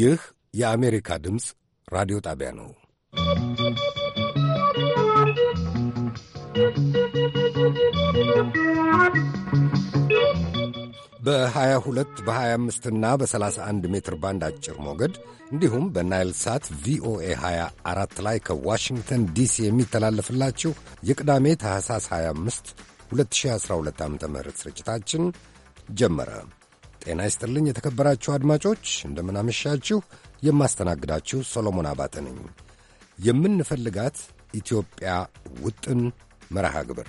ይህ የአሜሪካ ድምፅ ራዲዮ ጣቢያ ነው። በ22 በ25 እና በ31 ሜትር ባንድ አጭር ሞገድ እንዲሁም በናይል ሳት ቪኦኤ 24 ላይ ከዋሽንግተን ዲሲ የሚተላለፍላችሁ የቅዳሜ ታህሳስ 25 2012 ዓ ም ስርጭታችን ጀመረ። ጤና ይስጥልኝ የተከበራችሁ አድማጮች፣ እንደምናመሻችሁ። የማስተናግዳችሁ ሰሎሞን አባተ ነኝ። የምንፈልጋት ኢትዮጵያ ውጥን መርሃ ግብር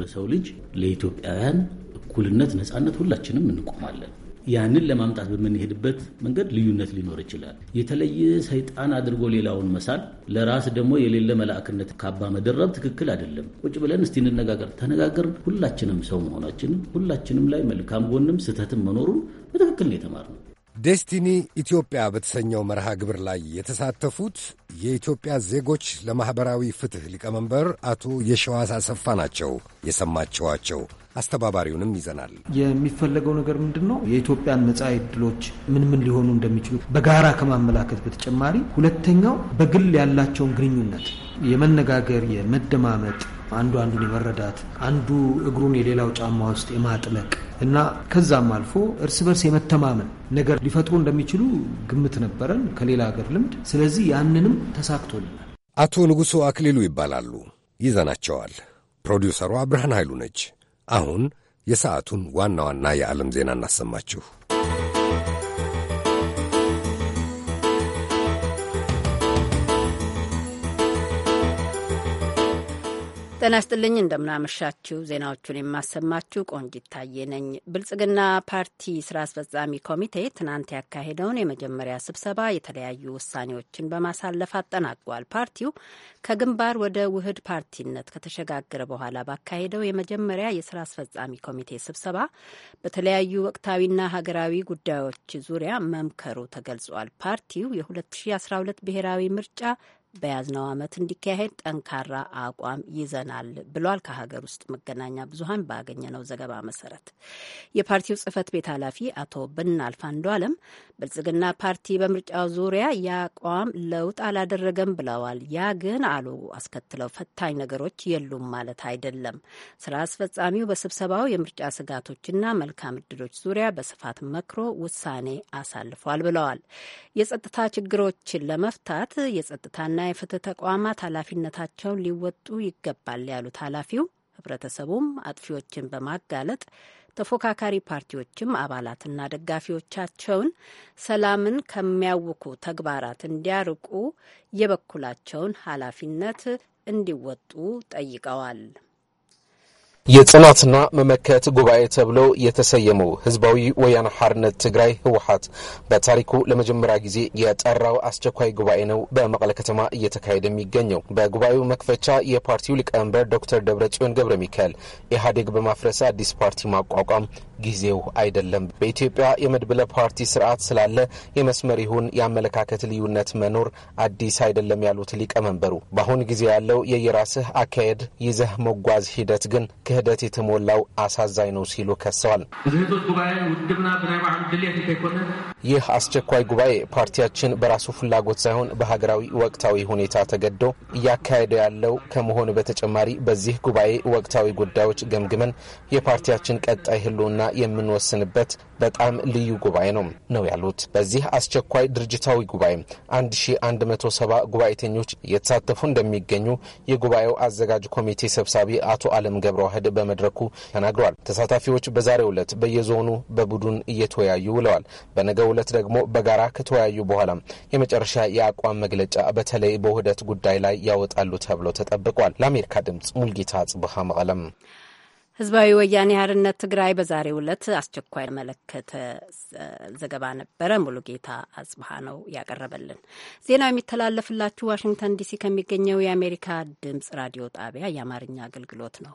ለሰው ልጅ ለኢትዮጵያውያን እኩልነት፣ ነጻነት ሁላችንም እንቆማለን። ያንን ለማምጣት በምንሄድበት መንገድ ልዩነት ሊኖር ይችላል። የተለየ ሰይጣን አድርጎ ሌላውን መሳል፣ ለራስ ደግሞ የሌለ መላእክነት ካባ መደረብ ትክክል አይደለም። ቁጭ ብለን እስቲ እንነጋገር። ተነጋገርን፣ ሁላችንም ሰው መሆናችንም ሁላችንም ላይ መልካም ጎንም ስህተትም መኖሩን በትክክል ነው የተማርነው። ዴስቲኒ ኢትዮጵያ በተሰኘው መርሃ ግብር ላይ የተሳተፉት የኢትዮጵያ ዜጎች ለማኅበራዊ ፍትሕ ሊቀመንበር አቶ የሸዋስ አሰፋ ናቸው የሰማችኋቸው። አስተባባሪውንም ይዘናል። የሚፈለገው ነገር ምንድን ነው? የኢትዮጵያን መጻኢ ዕድሎች ምን ምን ሊሆኑ እንደሚችሉ በጋራ ከማመላከት በተጨማሪ ሁለተኛው በግል ያላቸውን ግንኙነት የመነጋገር የመደማመጥ አንዱ አንዱን የመረዳት አንዱ እግሩን የሌላው ጫማ ውስጥ የማጥለቅ እና ከዛም አልፎ እርስ በርስ የመተማመን ነገር ሊፈጥሩ እንደሚችሉ ግምት ነበረን ከሌላ ሀገር ልምድ። ስለዚህ ያንንም ተሳክቶልናል። አቶ ንጉሡ አክሊሉ ይባላሉ። ይዘናቸዋል። ፕሮዲውሰሯ ብርሃን ኃይሉ ነች። አሁን የሰዓቱን ዋና ዋና የዓለም ዜና እናሰማችሁ። ጤና ስጥልኝ፣ እንደምናመሻችው ዜናዎቹን የማሰማችሁ ቆንጂት ታዬ ነኝ። ብልጽግና ፓርቲ ስራ አስፈጻሚ ኮሚቴ ትናንት ያካሄደውን የመጀመሪያ ስብሰባ የተለያዩ ውሳኔዎችን በማሳለፍ አጠናቋል። ፓርቲው ከግንባር ወደ ውህድ ፓርቲነት ከተሸጋገረ በኋላ ባካሄደው የመጀመሪያ የስራ አስፈጻሚ ኮሚቴ ስብሰባ በተለያዩ ወቅታዊና ሀገራዊ ጉዳዮች ዙሪያ መምከሩ ተገልጿል። ፓርቲው የ2012 ብሔራዊ ምርጫ በያዝነው ዓመት እንዲካሄድ ጠንካራ አቋም ይዘናል ብሏል። ከሀገር ውስጥ መገናኛ ብዙኃን ባገኘነው ዘገባ መሰረት የፓርቲው ጽህፈት ቤት ኃላፊ አቶ ብናልፍ አለም ብልጽግና ፓርቲ በምርጫው ዙሪያ የአቋም ለውጥ አላደረገም ብለዋል። ያ ግን አሉ አስከትለው ፈታኝ ነገሮች የሉም ማለት አይደለም። ስራ አስፈጻሚው በስብሰባው የምርጫ ስጋቶችና መልካም እድሎች ዙሪያ በስፋት መክሮ ውሳኔ አሳልፏል ብለዋል። የጸጥታ ችግሮችን ለመፍታት የጸጥታና የሕግና የፍትህ ተቋማት ኃላፊነታቸውን ሊወጡ ይገባል ያሉት ኃላፊው ህብረተሰቡም አጥፊዎችን በማጋለጥ ተፎካካሪ ፓርቲዎችም አባላትና ደጋፊዎቻቸውን ሰላምን ከሚያውኩ ተግባራት እንዲያርቁ የበኩላቸውን ኃላፊነት እንዲወጡ ጠይቀዋል። የጽናትና መመከት ጉባኤ ተብሎ የተሰየመው ህዝባዊ ወያነ ሐርነት ትግራይ ህወሓት በታሪኩ ለመጀመሪያ ጊዜ የጠራው አስቸኳይ ጉባኤ ነው በመቀለ ከተማ እየተካሄደ የሚገኘው። በጉባኤው መክፈቻ የፓርቲው ሊቀመንበር ዶክተር ደብረጽዮን ገብረ ሚካኤል ኢህአዴግ በማፍረስ አዲስ ፓርቲ ማቋቋም ጊዜው አይደለም፣ በኢትዮጵያ የመድብለ ፓርቲ ስርዓት ስላለ የመስመር ይሁን የአመለካከት ልዩነት መኖር አዲስ አይደለም ያሉት ሊቀመንበሩ በአሁን ጊዜ ያለው የየራስህ አካሄድ ይዘህ መጓዝ ሂደት ግን ክህደት የተሞላው አሳዛኝ ነው ሲሉ ከሰዋል። ይህ አስቸኳይ ጉባኤ ፓርቲያችን በራሱ ፍላጎት ሳይሆን በሀገራዊ ወቅታዊ ሁኔታ ተገዶ እያካሄደ ያለው ከመሆኑ በተጨማሪ በዚህ ጉባኤ ወቅታዊ ጉዳዮች ገምግመን የፓርቲያችን ቀጣይ ህልውና የምንወስንበት በጣም ልዩ ጉባኤ ነው ነው ያሉት። በዚህ አስቸኳይ ድርጅታዊ ጉባኤ 1170 ጉባኤተኞች እየተሳተፉ እንደሚገኙ የጉባኤው አዘጋጅ ኮሚቴ ሰብሳቢ አቶ አለም ገብረ እንደሚካሄድ በመድረኩ ተናግረዋል። ተሳታፊዎች በዛሬው ዕለት በየዞኑ በቡድን እየተወያዩ ውለዋል። በነገው ዕለት ደግሞ በጋራ ከተወያዩ በኋላ የመጨረሻ የአቋም መግለጫ በተለይ በውህደት ጉዳይ ላይ ያወጣሉ ተብሎ ተጠብቋል። ለአሜሪካ ድምጽ ሙልጌታ ጽብሃ መቀለም ህዝባዊ ወያኔ ሓርነት ትግራይ በዛሬው ዕለት አስቸኳይ መለከተ ዘገባ ነበረ። ሙሉጌታ አጽብሃ ነው ያቀረበልን። ዜናው የሚተላለፍላችሁ ዋሽንግተን ዲሲ ከሚገኘው የአሜሪካ ድምጽ ራዲዮ ጣቢያ የአማርኛ አገልግሎት ነው።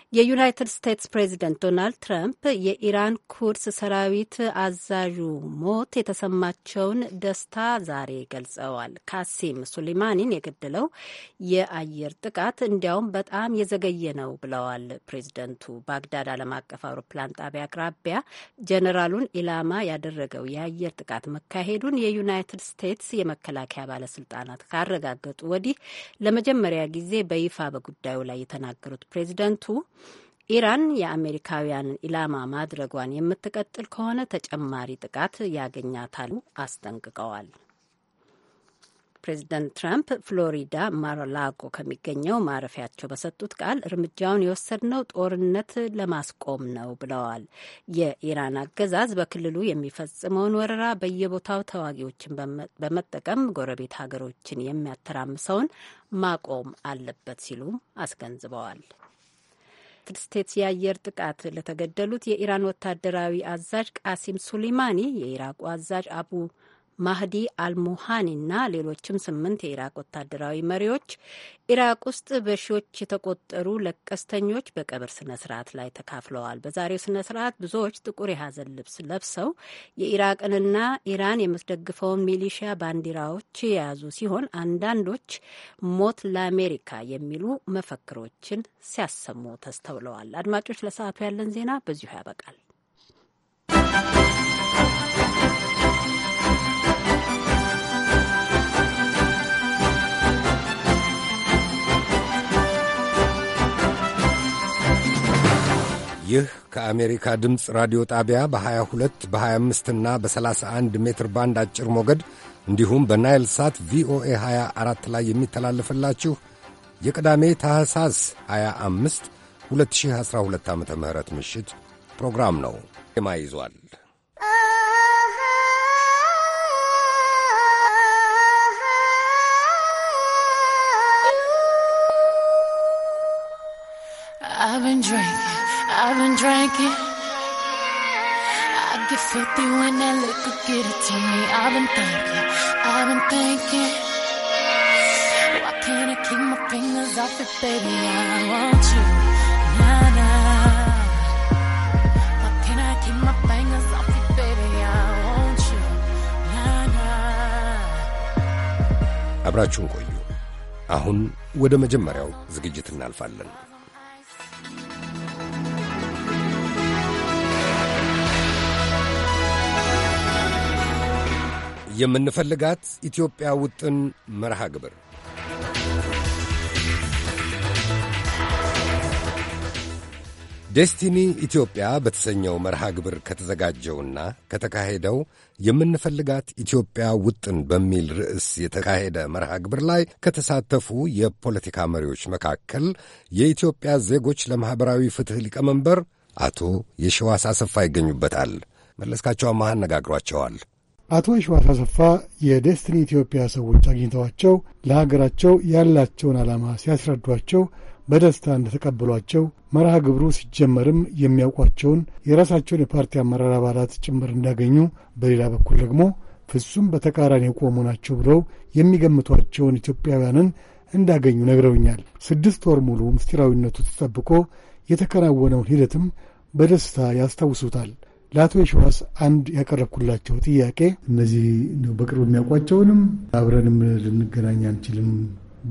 የዩናይትድ ስቴትስ ፕሬዚደንት ዶናልድ ትራምፕ የኢራን ኩድስ ሰራዊት አዛዡ ሞት የተሰማቸውን ደስታ ዛሬ ገልጸዋል። ካሲም ሱሌማኒን የገደለው የአየር ጥቃት እንዲያውም በጣም የዘገየ ነው ብለዋል። ፕሬዚደንቱ ባግዳድ ዓለም አቀፍ አውሮፕላን ጣቢያ አቅራቢያ ጀኔራሉን ኢላማ ያደረገው የአየር ጥቃት መካሄዱን የዩናይትድ ስቴትስ የመከላከያ ባለስልጣናት ካረጋገጡ ወዲህ ለመጀመሪያ ጊዜ በይፋ በጉዳዩ ላይ የተናገሩት ፕሬዚደንቱ ኢራን የአሜሪካውያንን ኢላማ ማድረጓን የምትቀጥል ከሆነ ተጨማሪ ጥቃት ያገኛታሉ አስጠንቅቀዋል። ፕሬዚደንት ትራምፕ ፍሎሪዳ ማራላጎ ከሚገኘው ማረፊያቸው በሰጡት ቃል እርምጃውን የወሰድነው ጦርነት ለማስቆም ነው ብለዋል። የኢራን አገዛዝ በክልሉ የሚፈጽመውን ወረራ በየቦታው ተዋጊዎችን በመጠቀም ጎረቤት ሀገሮችን የሚያተራምሰውን ማቆም አለበት ሲሉም አስገንዝበዋል። በዩናይትድ ስቴትስ የአየር ጥቃት ለተገደሉት የኢራን ወታደራዊ አዛዥ ቃሲም ሱሊማኒ የኢራቁ አዛዥ አቡ ማህዲ እና ሌሎችም ስምንት የኢራቅ ወታደራዊ መሪዎች ኢራቅ ውስጥ በሺዎች የተቆጠሩ ለቀስተኞች በቀብር ስነ ስርዓት ላይ ተካፍለዋል። በዛሬው ስነ ስርዓት ብዙዎች ጥቁር የሀዘን ልብስ ለብሰው የኢራቅንና ኢራን የምትደግፈውን ሚሊሺያ ባንዲራዎች የያዙ ሲሆን አንዳንዶች ሞት ለአሜሪካ የሚሉ መፈክሮችን ሲያሰሙ ተስተውለዋል። አድማጮች፣ ለሰዓቱ ያለን ዜና በዚሁ ያበቃል። ይህ ከአሜሪካ ድምፅ ራዲዮ ጣቢያ በ22 በ25 እና በ31 ሜትር ባንድ አጭር ሞገድ እንዲሁም በናይል ሳት ቪኦኤ 24 ላይ የሚተላለፍላችሁ የቅዳሜ ታህሳስ 25 2012 ዓ ም ምሽት ፕሮግራም ነው። ማ ይዟል I've been drinking I've been drinking. I get filthy when that liquor get it to me. I've been thinking. I've been thinking. Why can't I keep my fingers off it, baby? I want you. Nah, nah. Why can't I keep my fingers off it, baby? I want you. Nah, nah. አብራችሁን ቆዩ። አሁን ወደ መጀመሪያው ዝግጅት እናልፋለን። የምንፈልጋት ኢትዮጵያ ውጥን መርሃ ግብር ዴስቲኒ ኢትዮጵያ በተሰኘው መርሃ ግብር ከተዘጋጀውና ከተካሄደው የምንፈልጋት ኢትዮጵያ ውጥን በሚል ርዕስ የተካሄደ መርሃ ግብር ላይ ከተሳተፉ የፖለቲካ መሪዎች መካከል የኢትዮጵያ ዜጎች ለማኅበራዊ ፍትሕ ሊቀመንበር አቶ የሸዋስ አሰፋ ይገኙበታል። መለስካቸው አማሃ አነጋግሯቸዋል። አቶ የሸዋስ አሰፋ የዴስትኒ ኢትዮጵያ ሰዎች አግኝተዋቸው ለሀገራቸው ያላቸውን ዓላማ ሲያስረዷቸው በደስታ እንደተቀበሏቸው መርሃ ግብሩ ሲጀመርም የሚያውቋቸውን የራሳቸውን የፓርቲ አመራር አባላት ጭምር እንዳገኙ፣ በሌላ በኩል ደግሞ ፍጹም በተቃራኒ የቆሙ ናቸው ብለው የሚገምቷቸውን ኢትዮጵያውያንን እንዳገኙ ነግረውኛል። ስድስት ወር ሙሉ ምስጢራዊነቱ ተጠብቆ የተከናወነውን ሂደትም በደስታ ያስታውሱታል። ለአቶ የሸዋስ አንድ ያቀረብኩላቸው ጥያቄ እነዚህ በቅርብ የሚያውቋቸውንም አብረንም ልንገናኝ አንችልም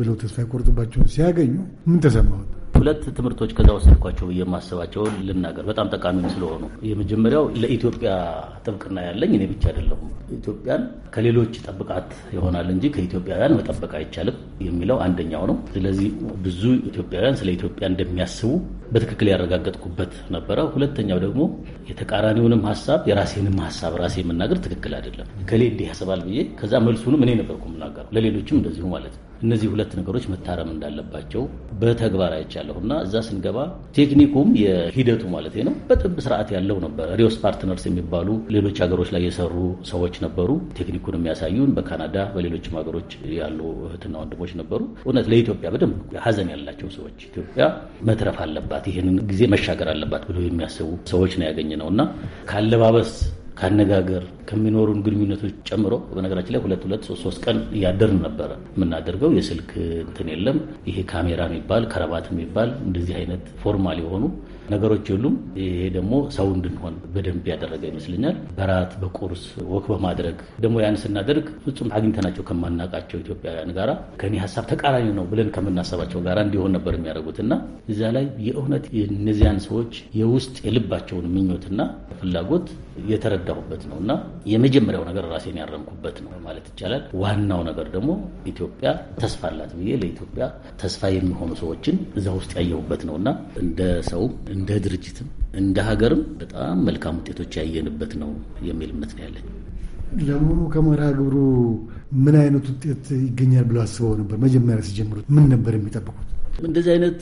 ብለው ተስፋ ያቆርጥባቸውን ሲያገኙ ምን ተሰማሁት? ሁለት ትምህርቶች ከዛ ወሰድኳቸው ብዬ የማስባቸውን ልናገር በጣም ጠቃሚ ስለሆኑ የመጀመሪያው ለኢትዮጵያ ጥብቅና ያለኝ እኔ ብቻ አይደለሁም። ኢትዮጵያን ከሌሎች ጠብቃት ይሆናል እንጂ ከኢትዮጵያውያን መጠበቅ አይቻልም የሚለው አንደኛው ነው። ስለዚህ ብዙ ኢትዮጵያውያን ስለ ኢትዮጵያ እንደሚያስቡ በትክክል ያረጋገጥኩበት ነበረ። ሁለተኛው ደግሞ የተቃራኒውንም ሀሳብ የራሴንም ሀሳብ ራሴ የምናገር ትክክል አይደለም። ከሌ እንዲህ ያስባል ብዬ ከዛ መልሱንም እኔ ነበርኩ የምናገረው ለሌሎችም እንደዚሁ ማለት ነው። እነዚህ ሁለት ነገሮች መታረም እንዳለባቸው በተግባር አይቻለሁ እና እዛ ስንገባ ቴክኒኩም የሂደቱ ማለት ነው በጥብ ስርዓት ያለው ነበር። ሪዮስ ፓርትነርስ የሚባሉ ሌሎች ሀገሮች ላይ የሰሩ ሰዎች ነበሩ፣ ቴክኒኩን የሚያሳዩን በካናዳ በሌሎችም ሀገሮች ያሉ እህትና ወንድሞች ነበሩ። እውነት ለኢትዮጵያ በደንብ ሀዘን ያላቸው ሰዎች ኢትዮጵያ መትረፍ አለባት፣ ይህንን ጊዜ መሻገር አለባት ብሎ የሚያስቡ ሰዎች ነው ያገኘ ነው እና ካለባበስ ከአነጋገር ከሚኖሩን ግንኙነቶች ጨምሮ በነገራችን ላይ ሁለት ሁለት ሶስት ቀን እያደርን ነበረ የምናደርገው። የስልክ እንትን የለም። ይሄ ካሜራ የሚባል ከረባት የሚባል እንደዚህ አይነት ፎርማል የሆኑ ነገሮች የሉም። ይሄ ደግሞ ሰው እንድንሆን በደንብ ያደረገ ይመስለኛል። በራት በቁርስ ወክ በማድረግ ደግሞ ያን ስናደርግ ፍጹም አግኝተናቸው ከማናውቃቸው ኢትዮጵያውያን ጋራ ከኔ ሀሳብ ተቃራኒ ነው ብለን ከምናሰባቸው ጋራ እንዲሆን ነበር የሚያደርጉት እና እዚያ ላይ የእውነት የእነዚያን ሰዎች የውስጥ የልባቸውን ምኞትና ፍላጎት የተረዳሁበት ነው እና የመጀመሪያው ነገር ራሴን ያረምኩበት ነው ማለት ይቻላል። ዋናው ነገር ደግሞ ኢትዮጵያ ተስፋ አላት ብዬ ለኢትዮጵያ ተስፋ የሚሆኑ ሰዎችን እዛ ውስጥ ያየሁበት ነው እና እንደ ሰው እንደ ድርጅትም እንደ ሀገርም በጣም መልካም ውጤቶች ያየንበት ነው የሚል እምነት ነው ያለኝ። ለመሆኑ ከመርሃ ግብሩ ምን አይነት ውጤት ይገኛል ብለው አስበው ነበር? መጀመሪያ ሲጀምሩት ምን ነበር የሚጠብቁት? እንደዚህ አይነት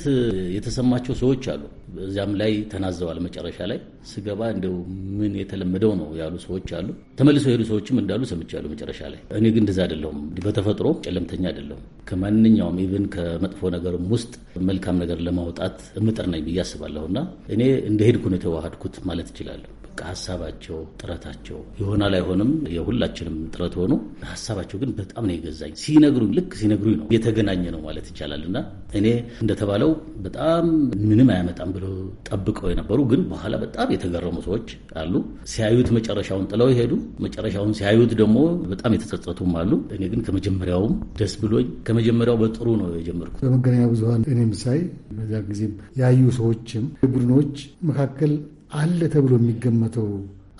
የተሰማቸው ሰዎች አሉ። እዚያም ላይ ተናዘዋል። መጨረሻ ላይ ስገባ እንደው ምን የተለመደው ነው ያሉ ሰዎች አሉ። ተመልሰው የሄዱ ሰዎችም እንዳሉ ሰምቻለሁ መጨረሻ ላይ። እኔ ግን እንደዛ አይደለሁም። በተፈጥሮ ጨለምተኛ አይደለሁም። ከማንኛውም ኢቭን ከመጥፎ ነገርም ውስጥ መልካም ነገር ለማውጣት እምጥር ነኝ ብዬ አስባለሁ። እና እኔ እንደ ሄድኩ ነው የተዋሃድኩት ማለት እችላለሁ። ሀሳባቸው ጥረታቸው ይሆናል አይሆንም፣ የሁላችንም ጥረት ሆኖ ሀሳባቸው ግን በጣም ነው የገዛኝ። ሲነግሩኝ ልክ ሲነግሩኝ ነው የተገናኘ ነው ማለት ይቻላል። እና እኔ እንደተባለው በጣም ምንም አያመጣም ብለው ጠብቀው የነበሩ ግን በኋላ በጣም የተገረሙ ሰዎች አሉ። ሲያዩት መጨረሻውን ጥለው ሄዱ። መጨረሻውን ሲያዩት ደግሞ በጣም የተጸጸቱም አሉ። እኔ ግን ከመጀመሪያውም ደስ ብሎኝ ከመጀመሪያው በጥሩ ነው የጀመርኩት። በመገናኛ ብዙኃን እኔም ሳይ በዚያ ጊዜም ያዩ ሰዎችም ቡድኖች መካከል አለ ተብሎ የሚገመተው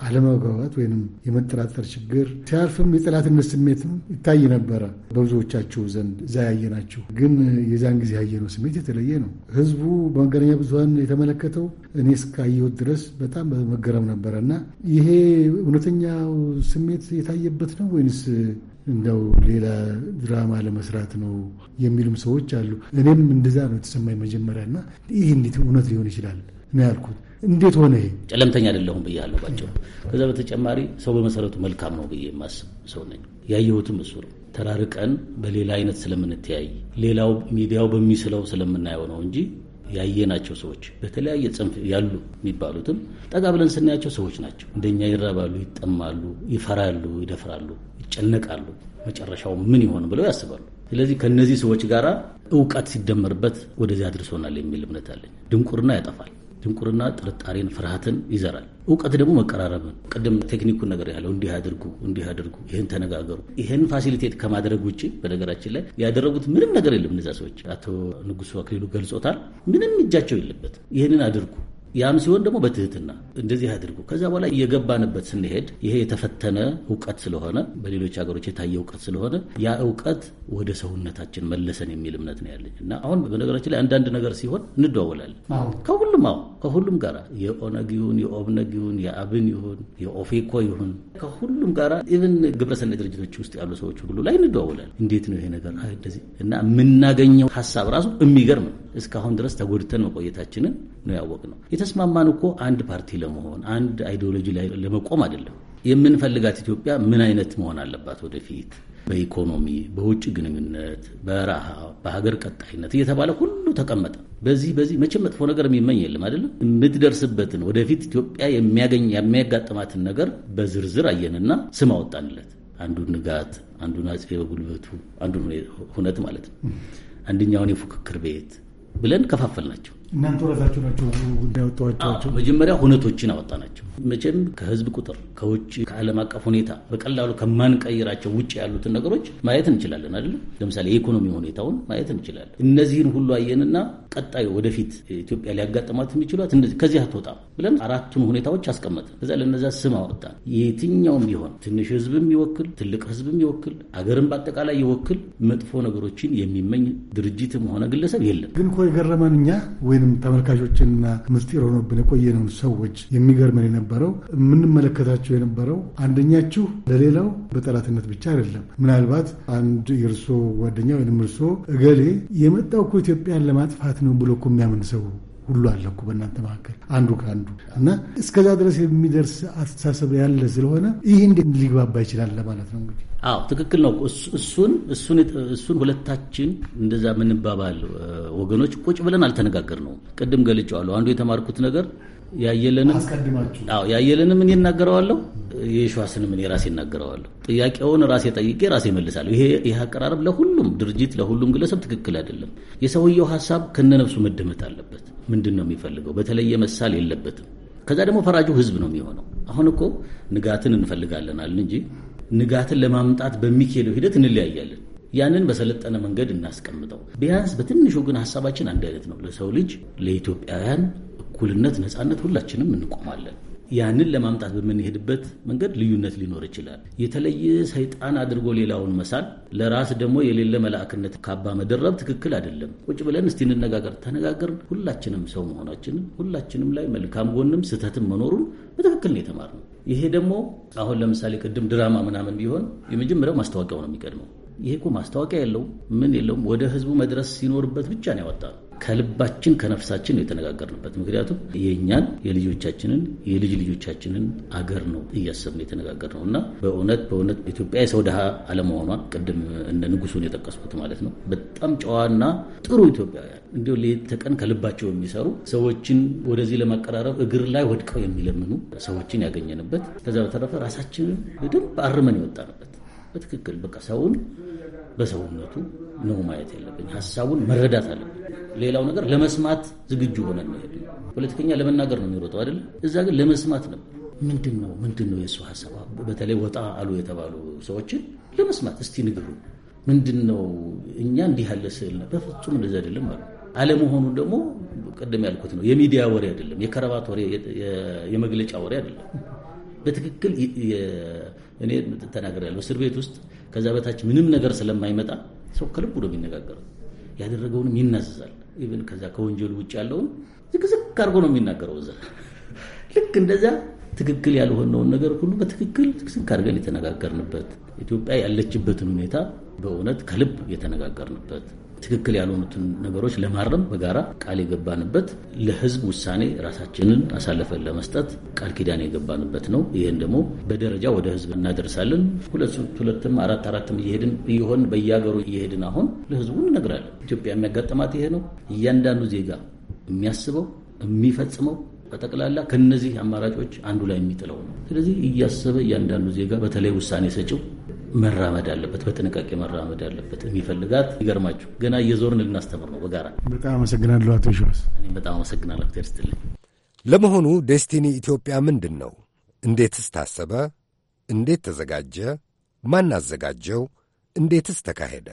አለመግባባት ወይም የመጠራጠር ችግር ሲያልፍም የጠላትነት ስሜትም ይታይ ነበረ በብዙዎቻችሁ ዘንድ እዛ ያየናችሁ። ግን የዛን ጊዜ ያየነው ስሜት የተለየ ነው። ህዝቡ በመገናኛ ብዙሀን የተመለከተው እኔ እስካየሁት ድረስ በጣም በመገረም ነበረ እና ይሄ እውነተኛው ስሜት የታየበት ነው ወይንስ እንደው ሌላ ድራማ ለመስራት ነው የሚሉም ሰዎች አሉ። እኔም እንደዛ ነው የተሰማኝ መጀመሪያ እና ይህ እንዴት እውነት ሊሆን ይችላል ነው ያልኩት። እንዴት ሆነ? ጨለምተኛ አይደለሁም ብዬ አለባቸው። ከዛ በተጨማሪ ሰው በመሰረቱ መልካም ነው ብዬ የማስብ ሰው ነኝ። ያየሁትም እሱ ነው። ተራርቀን በሌላ አይነት ስለምንተያይ ሌላው ሚዲያው በሚስለው ስለምናየው ነው እንጂ ያየናቸው ሰዎች በተለያየ ጽንፍ ያሉ የሚባሉትም ጠጋ ብለን ስናያቸው ሰዎች ናቸው። እንደኛ ይራባሉ፣ ይጠማሉ፣ ይፈራሉ፣ ይደፍራሉ፣ ይጨነቃሉ፣ መጨረሻው ምን ይሆን ብለው ያስባሉ። ስለዚህ ከእነዚህ ሰዎች ጋር እውቀት ሲደመርበት ወደዚህ አድርሶናል የሚል እምነት አለኝ። ድንቁርና ያጠፋል። ድንቁርና ጥርጣሬን፣ ፍርሃትን ይዘራል። እውቀት ደግሞ መቀራረብን፣ ቅድም ቴክኒኩን ነገር ያለው እንዲህ አድርጉ፣ እንዲህ አድርጉ፣ ይህን ተነጋገሩ። ይህን ፋሲሊቴት ከማድረግ ውጭ በነገራችን ላይ ያደረጉት ምንም ነገር የለም። እነዚያ ሰዎች አቶ ንጉሱ አክሊሉ ገልጾታል። ምንም እጃቸው የለበት። ይህንን አድርጉ ያም ሲሆን ደግሞ በትህትና እንደዚህ አድርጉ። ከዛ በኋላ እየገባንበት ስንሄድ ይሄ የተፈተነ እውቀት ስለሆነ በሌሎች ሀገሮች የታየ እውቀት ስለሆነ ያ እውቀት ወደ ሰውነታችን መለሰን የሚል እምነት ነው ያለኝ እና አሁን በነገራችን ላይ አንዳንድ ነገር ሲሆን እንደዋወላለን ከሁሉም አሁ ከሁሉም ጋራ የኦነግ ይሁን የኦብነግ ይሁን የአብን ይሁን የኦፌኮ ይሁን ከሁሉም ጋራ ኢቭን ግብረሰናይ ድርጅቶች ውስጥ ያሉ ሰዎች ሁሉ ላይ እንደዋወላለን። እንዴት ነው ይሄ ነገር እንደዚህ እና የምናገኘው ሀሳብ ራሱ የሚገርም ነው። እስካሁን ድረስ ተጎድተን መቆየታችንን ነው ነው። የተስማማን እኮ አንድ ፓርቲ ለመሆን አንድ አይዲዮሎጂ ላይ ለመቆም አይደለም። የምንፈልጋት ኢትዮጵያ ምን አይነት መሆን አለባት ወደፊት በኢኮኖሚ፣ በውጭ ግንኙነት፣ በረሃ፣ በሀገር ቀጣይነት እየተባለ ሁሉ ተቀመጠ። በዚህ በዚህ መቼም መጥፎ ነገር የሚመኝ የለም አይደለም። የምትደርስበትን ወደፊት ኢትዮጵያ የሚያገኝ የሚያጋጥማትን ነገር በዝርዝር አየንና ስም አወጣንለት። አንዱን ንጋት፣ አንዱን አፄ በጉልበቱ፣ አንዱን ሁነት ማለት ነው። አንደኛውን የፉክክር ቤት ብለን ከፋፈል እናንተ ራሳችሁ ናቸው ያወጣኋቸው? መጀመሪያ ሁነቶችን ናቸው መቼም ከህዝብ ቁጥር ከውጭ ከዓለም አቀፍ ሁኔታ በቀላሉ ከማንቀይራቸው ውጭ ያሉትን ነገሮች ማየት እንችላለን አይደለም። ለምሳሌ የኢኮኖሚ ሁኔታውን ማየት እንችላለን። እነዚህን ሁሉ አየንና ቀጣዩ ወደፊት ኢትዮጵያ ሊያጋጥማት የሚችሏት ከዚህ አትወጣም ብለን አራቱን ሁኔታዎች አስቀመጥን። ከዛ ለነዛ ስም አወጣን። የትኛውም ቢሆን ትንሽ ህዝብም ይወክል፣ ትልቅ ህዝብም ይወክል፣ አገርም በአጠቃላይ ይወክል መጥፎ ነገሮችን የሚመኝ ድርጅትም ሆነ ግለሰብ የለም። ግን እኮ የገረመን እኛ ወይንም ተመልካቾችንና ምስጢር ሆኖብን የቆየነውን ሰዎች የሚገርመን የነበረው የምንመለከታቸው የነበረው አንደኛችሁ ለሌላው በጠላትነት ብቻ አይደለም። ምናልባት አንድ የእርሶ ጓደኛ ወይም እርሶ እገሌ የመጣው እኮ ኢትዮጵያን ለማጥፋት ነው ብሎ እኮ የሚያምን ሰው ሁሉ አለ እኮ በእናንተ መካከል አንዱ ከአንዱ እና እስከዛ ድረስ የሚደርስ አስተሳሰብ ያለ ስለሆነ ይህ እንዴት ሊግባባ ይችላል ለማለት ነው እንግዲህ። አዎ ትክክል ነው። እሱን እሱን ሁለታችን እንደዛ ምንባባል ወገኖች ቁጭ ብለን አልተነጋገር ነው። ቅድም ገልጨዋለሁ። አንዱ የተማርኩት ነገር ያየለንም ያየለንም እኔ እናገረዋለሁ፣ የሸዋስንም እኔ ራሴ እናገረዋለሁ። ጥያቄውን ራሴ ጠይቄ ራሴ መልሳለሁ። ይሄ አቀራረብ ለሁሉም ድርጅት ለሁሉም ግለሰብ ትክክል አይደለም። የሰውየው ሀሳብ ከነነፍሱ መደመት አለበት። ምንድን ነው የሚፈልገው? በተለየ መሳል የለበትም። ከዛ ደግሞ ፈራጁ ህዝብ ነው የሚሆነው። አሁን እኮ ንጋትን እንፈልጋለናል እንጂ ንጋትን ለማምጣት በሚካሄደው ሂደት እንለያያለን። ያንን በሰለጠነ መንገድ እናስቀምጠው። ቢያንስ በትንሹ ግን ሀሳባችን አንድ አይነት ነው። ለሰው ልጅ ለኢትዮጵያውያን እኩልነት፣ ነፃነት ሁላችንም እንቆማለን። ያንን ለማምጣት በምንሄድበት መንገድ ልዩነት ሊኖር ይችላል። የተለየ ሰይጣን አድርጎ ሌላውን መሳል፣ ለራስ ደግሞ የሌለ መላእክነት ካባ መደረብ ትክክል አይደለም። ቁጭ ብለን እስቲ እንነጋገር። ተነጋገርን፣ ሁላችንም ሰው መሆናችንም ሁላችንም ላይ መልካም ጎንም ስህተትም መኖሩን በትክክል ነው የተማርነው። ይሄ ደግሞ አሁን ለምሳሌ ቅድም ድራማ ምናምን ቢሆን የመጀመሪያው ማስታወቂያው ነው የሚቀድመው። ይሄ እኮ ማስታወቂያ የለውም ምን የለውም። ወደ ህዝቡ መድረስ ሲኖርበት ብቻ ነው ያወጣ ነው። ከልባችን ከነፍሳችን ነው የተነጋገርንበት። ምክንያቱም የእኛን የልጆቻችንን የልጅ ልጆቻችንን አገር ነው እያሰብን የተነጋገርነው እና በእውነት በእውነት ኢትዮጵያ የሰው ድሃ አለመሆኗን ቅድም እነ ንጉሱን የጠቀስኩት ማለት ነው በጣም ጨዋና ጥሩ ኢትዮጵያውያን እንዲ ሌት ተቀን ከልባቸው የሚሰሩ ሰዎችን ወደዚህ ለማቀራረብ እግር ላይ ወድቀው የሚለምኑ ሰዎችን ያገኘንበት ከዛ በተረፈ ራሳችንን በደንብ አርመን የወጣንበት በትክክል በቃ ሰውን በሰውነቱ ነው ማየት ያለብኝ። ሀሳቡን መረዳት አለብኝ። ሌላው ነገር ለመስማት ዝግጁ ሆነ መሄድ ፖለቲከኛ ለመናገር ነው የሚሮጠው አይደለ? እዛ ግን ለመስማት ነበር። ምንድን ነው ምንድን ነው የእሱ ሀሳብ? በተለይ ወጣ አሉ የተባሉ ሰዎችን ለመስማት እስቲ ንግሩ ምንድን ነው እኛ እንዲህ ያለ ስዕል ነው። በፍጹም እንደዚ አይደለም አሉ። አለመሆኑን ደግሞ ቅድም ያልኩት ነው። የሚዲያ ወሬ አይደለም፣ የከረባት ወሬ፣ የመግለጫ ወሬ አይደለም። በትክክል እኔ ተናገር ያለው እስር ቤት ውስጥ ከዛ በታች ምንም ነገር ስለማይመጣ ሰው ከልቡ ነው የሚነጋገረው። ያደረገውንም ይናዘዛል። ኢቭን ከዛ ከወንጀሉ ውጭ ያለውን ዝቅዝቅ አድርጎ ነው የሚናገረው። እዛ ልክ እንደዛ ትክክል ያልሆነውን ነገር ሁሉ በትክክል ዝቅዝቅ አድርገን የተነጋገርንበት ኢትዮጵያ ያለችበትን ሁኔታ በእውነት ከልብ የተነጋገርንበት ትክክል ያልሆኑትን ነገሮች ለማረም በጋራ ቃል የገባንበት ለህዝብ ውሳኔ ራሳችንን አሳልፈን ለመስጠት ቃል ኪዳን የገባንበት ነው። ይህን ደግሞ በደረጃ ወደ ህዝብ እናደርሳለን። ሁለትም አራት አራትም እየሄድን እየሆን በየሀገሩ እየሄድን አሁን ለህዝቡ እነግራለን። ኢትዮጵያ የሚያጋጥማት ይሄ ነው። እያንዳንዱ ዜጋ የሚያስበው የሚፈጽመው በጠቅላላ ከነዚህ አማራጮች አንዱ ላይ የሚጥለው ነው። ስለዚህ እያሰበ እያንዳንዱ ዜጋ በተለይ ውሳኔ ሰጪው መራመድ አለበት፣ በጥንቃቄ መራመድ አለበት። የሚፈልጋት ይገርማችሁ ገና እየዞርን ልናስተምር ነው በጋራ። በጣም አመሰግናለሁ አቶ ሸዋስ። እኔም በጣም አመሰግናለሁ። እግዚአብሔር ለመሆኑ ዴስቲኒ ኢትዮጵያ ምንድን ነው? እንዴትስ ታሰበ? እንዴት ተዘጋጀ? ማን አዘጋጀው? እንዴትስ ተካሄደ?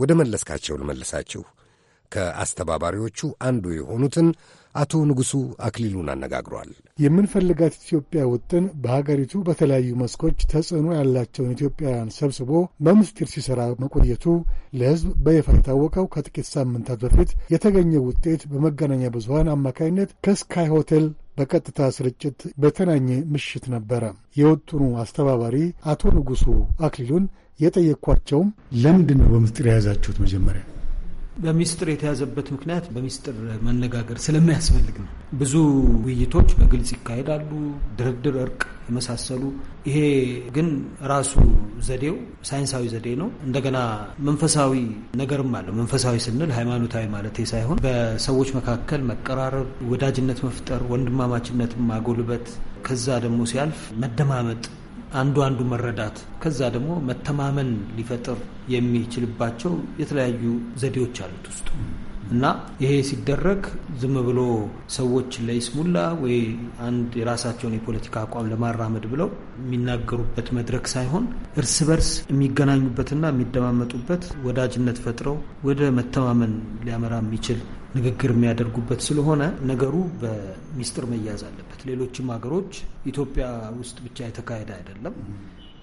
ወደ መለስካቸው ልመልሳችሁ ከአስተባባሪዎቹ አንዱ የሆኑትን አቶ ንጉሡ አክሊሉን አነጋግሯል። የምንፈልጋት ኢትዮጵያ ውጥን በሀገሪቱ በተለያዩ መስኮች ተጽዕኖ ያላቸውን ኢትዮጵያውያን ሰብስቦ በምስጢር ሲሰራ መቆየቱ ለሕዝብ በይፋ የታወቀው ከጥቂት ሳምንታት በፊት የተገኘው ውጤት በመገናኛ ብዙሀን አማካይነት ከስካይ ሆቴል በቀጥታ ስርጭት በተናኘ ምሽት ነበረ። የውጥኑ አስተባባሪ አቶ ንጉሡ አክሊሉን የጠየቅኳቸውም ለምንድን ነው በምስጢር የያዛችሁት መጀመሪያ በሚስጥር የተያዘበት ምክንያት በሚስጥር መነጋገር ስለማያስፈልግ ነው። ብዙ ውይይቶች በግልጽ ይካሄዳሉ፣ ድርድር፣ እርቅ የመሳሰሉ። ይሄ ግን ራሱ ዘዴው ሳይንሳዊ ዘዴ ነው። እንደገና መንፈሳዊ ነገርም አለው። መንፈሳዊ ስንል ሃይማኖታዊ ማለት ሳይሆን በሰዎች መካከል መቀራረብ፣ ወዳጅነት መፍጠር፣ ወንድማማችነት ማጎልበት ከዛ ደግሞ ሲያልፍ መደማመጥ አንዱ አንዱ መረዳት ከዛ ደግሞ መተማመን ሊፈጥር የሚችልባቸው የተለያዩ ዘዴዎች አሉት ውስጡ እና ይሄ ሲደረግ ዝም ብሎ ሰዎች ለይስሙላ ወይ አንድ የራሳቸውን የፖለቲካ አቋም ለማራመድ ብለው የሚናገሩበት መድረክ ሳይሆን እርስ በርስ የሚገናኙበትና የሚደማመጡበት ወዳጅነት ፈጥረው ወደ መተማመን ሊያመራ የሚችል ንግግር የሚያደርጉበት ስለሆነ ነገሩ በሚስጥር መያዝ አለበት። ሌሎችም ሀገሮች ኢትዮጵያ ውስጥ ብቻ የተካሄደ አይደለም።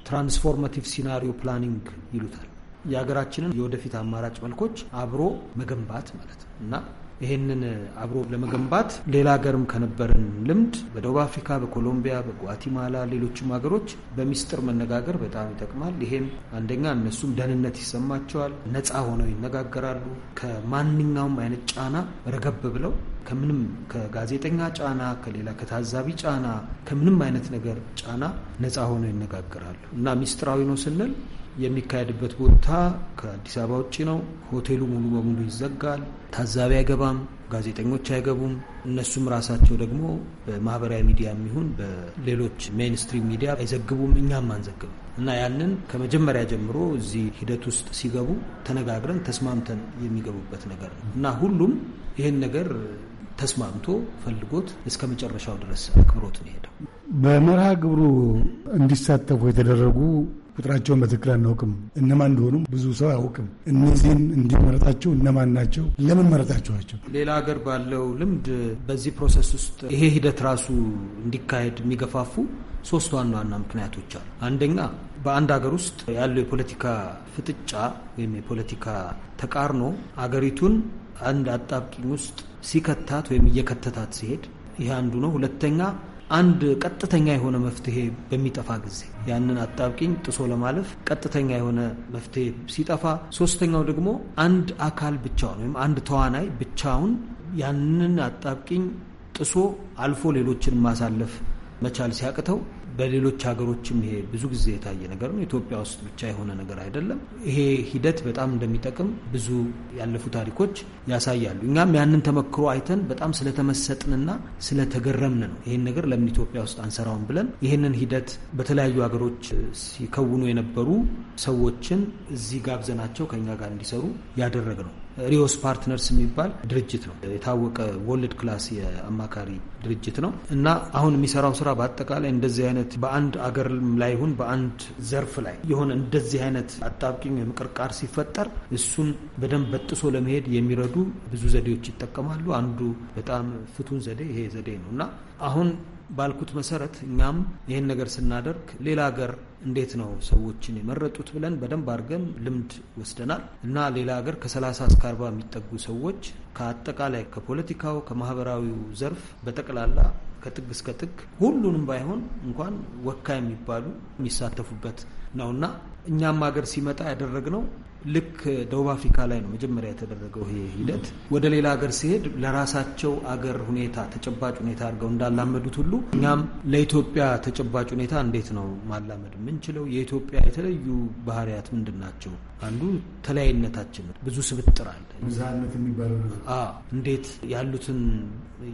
ትራንስፎርማቲቭ ሲናሪዮ ፕላኒንግ ይሉታል። የሀገራችንን የወደፊት አማራጭ መልኮች አብሮ መገንባት ማለት ነው እና ይህንን አብሮ ለመገንባት ሌላ ሀገርም ከነበረን ልምድ በደቡብ አፍሪካ፣ በኮሎምቢያ፣ በጓቲማላ ሌሎችም ሀገሮች በሚስጥር መነጋገር በጣም ይጠቅማል። ይሄም አንደኛ እነሱም ደህንነት ይሰማቸዋል፣ ነፃ ሆነው ይነጋገራሉ። ከማንኛውም አይነት ጫና ረገብ ብለው ከምንም ከጋዜጠኛ ጫና፣ ከሌላ ከታዛቢ ጫና፣ ከምንም አይነት ነገር ጫና ነፃ ሆነው ይነጋገራሉ እና ሚስጥራዊ ነው ስንል የሚካሄድበት ቦታ ከአዲስ አበባ ውጭ ነው። ሆቴሉ ሙሉ በሙሉ ይዘጋል። ታዛቢ አይገባም፣ ጋዜጠኞች አይገቡም። እነሱም ራሳቸው ደግሞ በማህበራዊ ሚዲያ የሚሆን በሌሎች ሜንስትሪም ሚዲያ አይዘግቡም፣ እኛም አንዘግብም እና ያንን ከመጀመሪያ ጀምሮ እዚህ ሂደት ውስጥ ሲገቡ ተነጋግረን ተስማምተን የሚገቡበት ነገር ነው እና ሁሉም ይህን ነገር ተስማምቶ ፈልጎት እስከ መጨረሻው ድረስ አክብሮት ነው ሄደው። በመርሃ ግብሩ እንዲሳተፉ የተደረጉ ቁጥራቸውን በትክክል አናውቅም። እነማን እንደሆኑም ብዙ ሰው አያውቅም። እነዚህን እንዲመረጣቸው እነማን ናቸው? ለምን መረጣችኋቸው? ሌላ ሀገር ባለው ልምድ በዚህ ፕሮሰስ ውስጥ ይሄ ሂደት ራሱ እንዲካሄድ የሚገፋፉ ሶስት ዋና ዋና ምክንያቶች አሉ። አንደኛ በአንድ ሀገር ውስጥ ያለው የፖለቲካ ፍጥጫ ወይም የፖለቲካ ተቃርኖ አገሪቱን አንድ አጣብቂኝ ውስጥ ሲከታት ወይም እየከተታት ሲሄድ ይህ አንዱ ነው። ሁለተኛ አንድ ቀጥተኛ የሆነ መፍትሄ በሚጠፋ ጊዜ ያንን አጣብቂኝ ጥሶ ለማለፍ ቀጥተኛ የሆነ መፍትሄ ሲጠፋ፣ ሶስተኛው ደግሞ አንድ አካል ብቻውን ወይም አንድ ተዋናይ ብቻውን ያንን አጣብቂኝ ጥሶ አልፎ ሌሎችን ማሳለፍ መቻል ሲያቅተው በሌሎች ሀገሮችም ይሄ ብዙ ጊዜ የታየ ነገር ነው። ኢትዮጵያ ውስጥ ብቻ የሆነ ነገር አይደለም። ይሄ ሂደት በጣም እንደሚጠቅም ብዙ ያለፉ ታሪኮች ያሳያሉ። እኛም ያንን ተመክሮ አይተን በጣም ስለተመሰጥንና ስለተገረምን ነው ይህን ነገር ለምን ኢትዮጵያ ውስጥ አንሰራውም ብለን ይህንን ሂደት በተለያዩ ሀገሮች ሲከውኑ የነበሩ ሰዎችን እዚህ ጋብዘናቸው ከኛ ጋር እንዲሰሩ ያደረግ ነው። ሪዮስ ፓርትነርስ የሚባል ድርጅት ነው። የታወቀ ወልድ ክላስ የአማካሪ ድርጅት ነው እና አሁን የሚሰራው ስራ በአጠቃላይ እንደዚህ አይነት በአንድ አገር ላይ ይሁን በአንድ ዘርፍ ላይ የሆነ እንደዚህ አይነት አጣብቂኝ የምቅርቃር ሲፈጠር እሱን በደንብ በጥሶ ለመሄድ የሚረዱ ብዙ ዘዴዎች ይጠቀማሉ። አንዱ በጣም ፍቱን ዘዴ ይሄ ዘዴ ነው እና አሁን ባልኩት መሰረት እኛም ይህን ነገር ስናደርግ ሌላ ሀገር እንዴት ነው ሰዎችን የመረጡት ብለን በደንብ አድርገን ልምድ ወስደናል እና ሌላ ሀገር ከ30 እስከ 40 የሚጠጉ ሰዎች ከአጠቃላይ ከፖለቲካው ከማህበራዊው ዘርፍ በጠቅላላ ከጥግ እስከ ጥግ ሁሉንም ባይሆን እንኳን ወካይ የሚባሉ የሚሳተፉበት ነውና እኛም ሀገር ሲመጣ ያደረግነው ልክ ደቡብ አፍሪካ ላይ ነው መጀመሪያ የተደረገው ይሄ ሂደት። ወደ ሌላ ሀገር ሲሄድ ለራሳቸው አገር ሁኔታ ተጨባጭ ሁኔታ አድርገው እንዳላመዱት ሁሉ እኛም ለኢትዮጵያ ተጨባጭ ሁኔታ እንዴት ነው ማላመድ የምንችለው? የኢትዮጵያ የተለዩ ባህሪያት ምንድን ናቸው? አንዱ ተለያይነታችን ብዙ ስብጥር አለ። ብዝሃነት የሚባለው እንዴት ያሉትን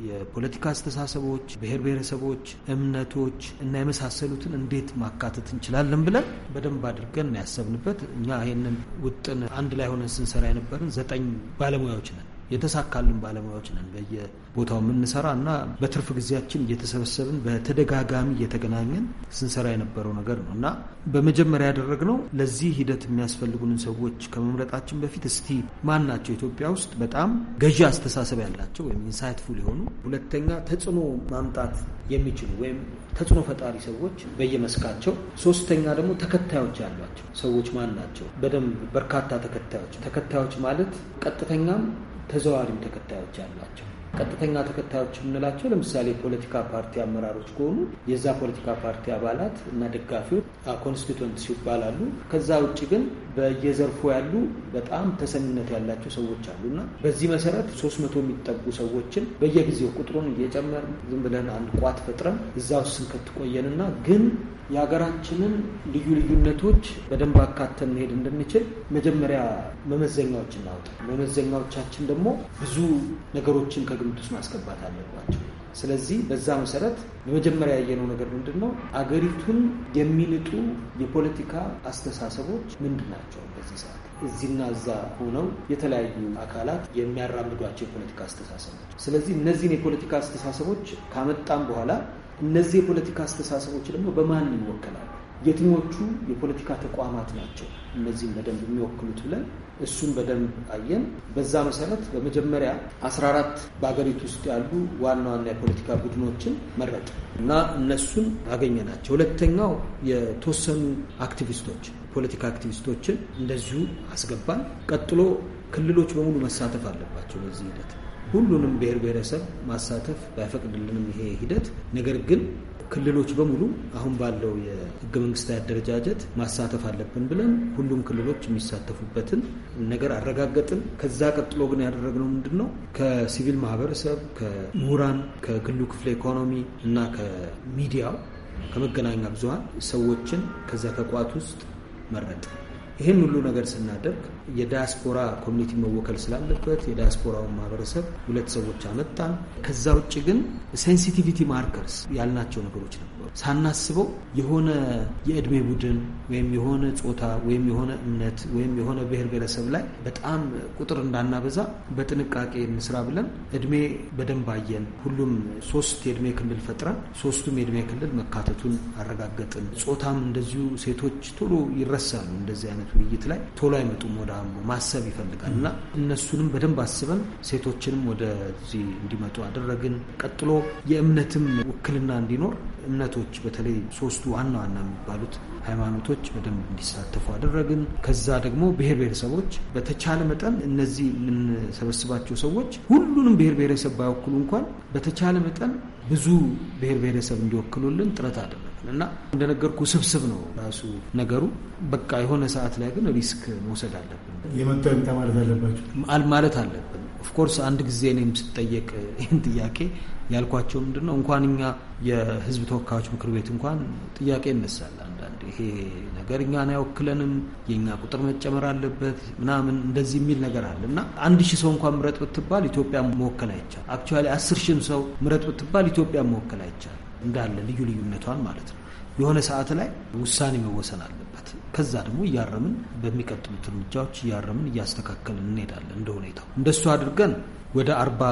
የፖለቲካ አስተሳሰቦች፣ ብሔር ብሔረሰቦች፣ እምነቶች እና የመሳሰሉትን እንዴት ማካተት እንችላለን ብለን በደንብ አድርገን ያሰብንበት እኛ ይህንን ውጥን አንድ ላይ ሆነን ስንሰራ የነበርን ዘጠኝ ባለሙያዎች ነን። የተሳካልን ባለሙያዎች ነን በየ ቦታው የምንሰራ እና በትርፍ ጊዜያችን እየተሰበሰብን በተደጋጋሚ እየተገናኘን ስንሰራ የነበረው ነገር ነው እና በመጀመሪያ ያደረግነው ለዚህ ሂደት የሚያስፈልጉንን ሰዎች ከመምረጣችን በፊት እስቲ ማን ናቸው ኢትዮጵያ ውስጥ በጣም ገዢ አስተሳሰብ ያላቸው ወይም ኢንሳይትፉል የሆኑ ሁለተኛ ተጽዕኖ ማምጣት የሚችሉ ወይም ተጽዕኖ ፈጣሪ ሰዎች በየመስካቸው፣ ሶስተኛ ደግሞ ተከታዮች ያሏቸው ሰዎች ማን ናቸው? በደንብ በርካታ ተከታዮች ተከታዮች ማለት ቀጥተኛም ተዘዋሪም ተከታዮች ያሏቸው ቀጥተኛ ተከታዮች የምንላቸው ለምሳሌ የፖለቲካ ፓርቲ አመራሮች ከሆኑ የዛ ፖለቲካ ፓርቲ አባላት እና ደጋፊዎች ኮንስቲቱንት ይባላሉ። ከዛ ውጭ ግን በየዘርፉ ያሉ በጣም ተሰሚነት ያላቸው ሰዎች አሉና በዚህ መሰረት ሶስት መቶ የሚጠጉ ሰዎችን በየጊዜው ቁጥሩን እየጨመር ዝም ብለን አንድ ቋት ፈጥረን እዛ ውስጥ ስንከት ቆየንና ግን የሀገራችንን ልዩ ልዩነቶች በደንብ አካተን መሄድ እንድንችል መጀመሪያ መመዘኛዎች እናውጣ። መመዘኛዎቻችን ደግሞ ብዙ ነገሮችን ከግምት ውስጥ ማስገባት አለባቸው። ስለዚህ በዛ መሰረት በመጀመሪያ ያየነው ነገር ምንድን ነው? አገሪቱን የሚንጡ የፖለቲካ አስተሳሰቦች ምንድን ናቸው? በዚህ ሰዓት እዚህና እዛ ሆነው የተለያዩ አካላት የሚያራምዷቸው የፖለቲካ አስተሳሰቦች። ስለዚህ እነዚህን የፖለቲካ አስተሳሰቦች ካመጣም በኋላ እነዚህ የፖለቲካ አስተሳሰቦች ደግሞ በማን ይወከላሉ? የትኞቹ የፖለቲካ ተቋማት ናቸው እነዚህም በደንብ የሚወክሉት ብለን እሱን በደንብ አየን። በዛ መሰረት በመጀመሪያ 14 በሀገሪቱ ውስጥ ያሉ ዋና ዋና የፖለቲካ ቡድኖችን መረጥ እና እነሱን ናቸው። ሁለተኛው የተወሰኑ አክቲቪስቶች፣ ፖለቲካ አክቲቪስቶችን እንደዚሁ አስገባን። ቀጥሎ ክልሎች በሙሉ መሳተፍ አለባቸው በዚህ ሂደት ሁሉንም ብሔር ብሔረሰብ ማሳተፍ ባይፈቅድልንም ይሄ ሂደት ነገር ግን ክልሎች በሙሉ አሁን ባለው የህገ መንግስታዊ አደረጃጀት ማሳተፍ አለብን ብለን ሁሉም ክልሎች የሚሳተፉበትን ነገር አረጋገጥን። ከዛ ቀጥሎ ግን ያደረግነው ምንድን ነው? ከሲቪል ማህበረሰብ፣ ከምሁራን፣ ከግሉ ክፍለ ኢኮኖሚ እና ከሚዲያው ከመገናኛ ብዙሀን ሰዎችን ከዛ ከቋት ውስጥ መረጥ ይህን ሁሉ ነገር ስናደርግ የዳያስፖራ ኮሚኒቲ መወከል ስላለበት የዳያስፖራውን ማህበረሰብ ሁለት ሰዎች አመጣን። ከዛ ውጭ ግን ሴንሲቲቪቲ ማርከርስ ያልናቸው ነገሮች ነበሩ። ሳናስበው የሆነ የእድሜ ቡድን ወይም የሆነ ጾታ ወይም የሆነ እምነት ወይም የሆነ ብሔር ብሔረሰብ ላይ በጣም ቁጥር እንዳናበዛ በጥንቃቄ እንስራ ብለን እድሜ በደንብ አየን። ሁሉም ሶስት የእድሜ ክልል ፈጥረን ሶስቱም የእድሜ ክልል መካተቱን አረጋገጥን። ጾታም እንደዚሁ ሴቶች ቶሎ ይረሳሉ እንደዚህ አይነት አይነት ውይይት ላይ ቶሎ አይመጡም ወደ አምቦ ማሰብ ይፈልጋል እና እነሱንም በደንብ አስበን ሴቶችንም ወደዚህ እንዲመጡ አደረግን። ቀጥሎ የእምነትም ውክልና እንዲኖር እምነቶች በተለይ ሶስቱ ዋና ዋና የሚባሉት ሃይማኖቶች በደንብ እንዲሳተፉ አደረግን። ከዛ ደግሞ ብሔር ብሔረሰቦች በተቻለ መጠን እነዚህ የምንሰበስባቸው ሰዎች ሁሉንም ብሔር ብሔረሰብ ባይወክሉ እንኳን በተቻለ መጠን ብዙ ብሔር ብሔረሰብ እንዲወክሉልን ጥረት አደረግን። እና እንደነገርኩ ስብስብ ነው ራሱ ነገሩ። በቃ የሆነ ሰዓት ላይ ግን ሪስክ መውሰድ አለብን፣ ማለት አለባቸው ማለት አለብን። ኦፍኮርስ አንድ ጊዜ እኔም ስጠየቅ ይህን ጥያቄ ያልኳቸው ምንድን ነው እንኳን እኛ የህዝብ ተወካዮች ምክር ቤት እንኳን ጥያቄ ይነሳል አንዳንድ ይሄ ነገር እኛን አይወክለንም፣ የእኛ ቁጥር መጨመር አለበት ምናምን እንደዚህ የሚል ነገር አለ እና አንድ ሺህ ሰው እንኳን ምረጥ ብትባል ኢትዮጵያ መወከል አይቻል። አክቹዋሊ አስር ሺህም ሰው ምረጥ ብትባል ኢትዮጵያ መወከል አይቻል። እንዳለ ልዩ ልዩነቷን ማለት ነው። የሆነ ሰዓት ላይ ውሳኔ መወሰን አለበት። ከዛ ደግሞ እያረምን በሚቀጥሉት እርምጃዎች እያረምን እያስተካከልን እንሄዳለን እንደ ሁኔታው። እንደሱ አድርገን ወደ አርባ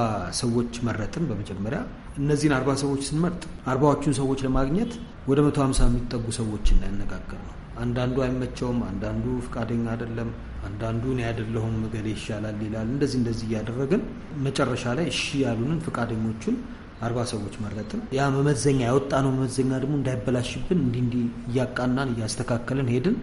ሰዎች መረጥን። በመጀመሪያ እነዚህን አርባ ሰዎች ስንመርጥ አርባዎቹን ሰዎች ለማግኘት ወደ መቶ ሀምሳ የሚጠጉ ሰዎች ያነጋገር ነው። አንዳንዱ አይመቸውም፣ አንዳንዱ ፍቃደኛ አይደለም፣ አንዳንዱ እኔ አይደለሁም እገሌ ይሻላል ይላል። እንደዚህ እንደዚህ እያደረግን መጨረሻ ላይ እሺ ያሉንን ፍቃደኞቹን አርባ ሰዎች መረጥን። ያ መመዘኛ ያወጣ ነው መመዘኛ ደግሞ እንዳይበላሽብን እንዲ እንዲ እያቃናን እያስተካከልን ሄድን።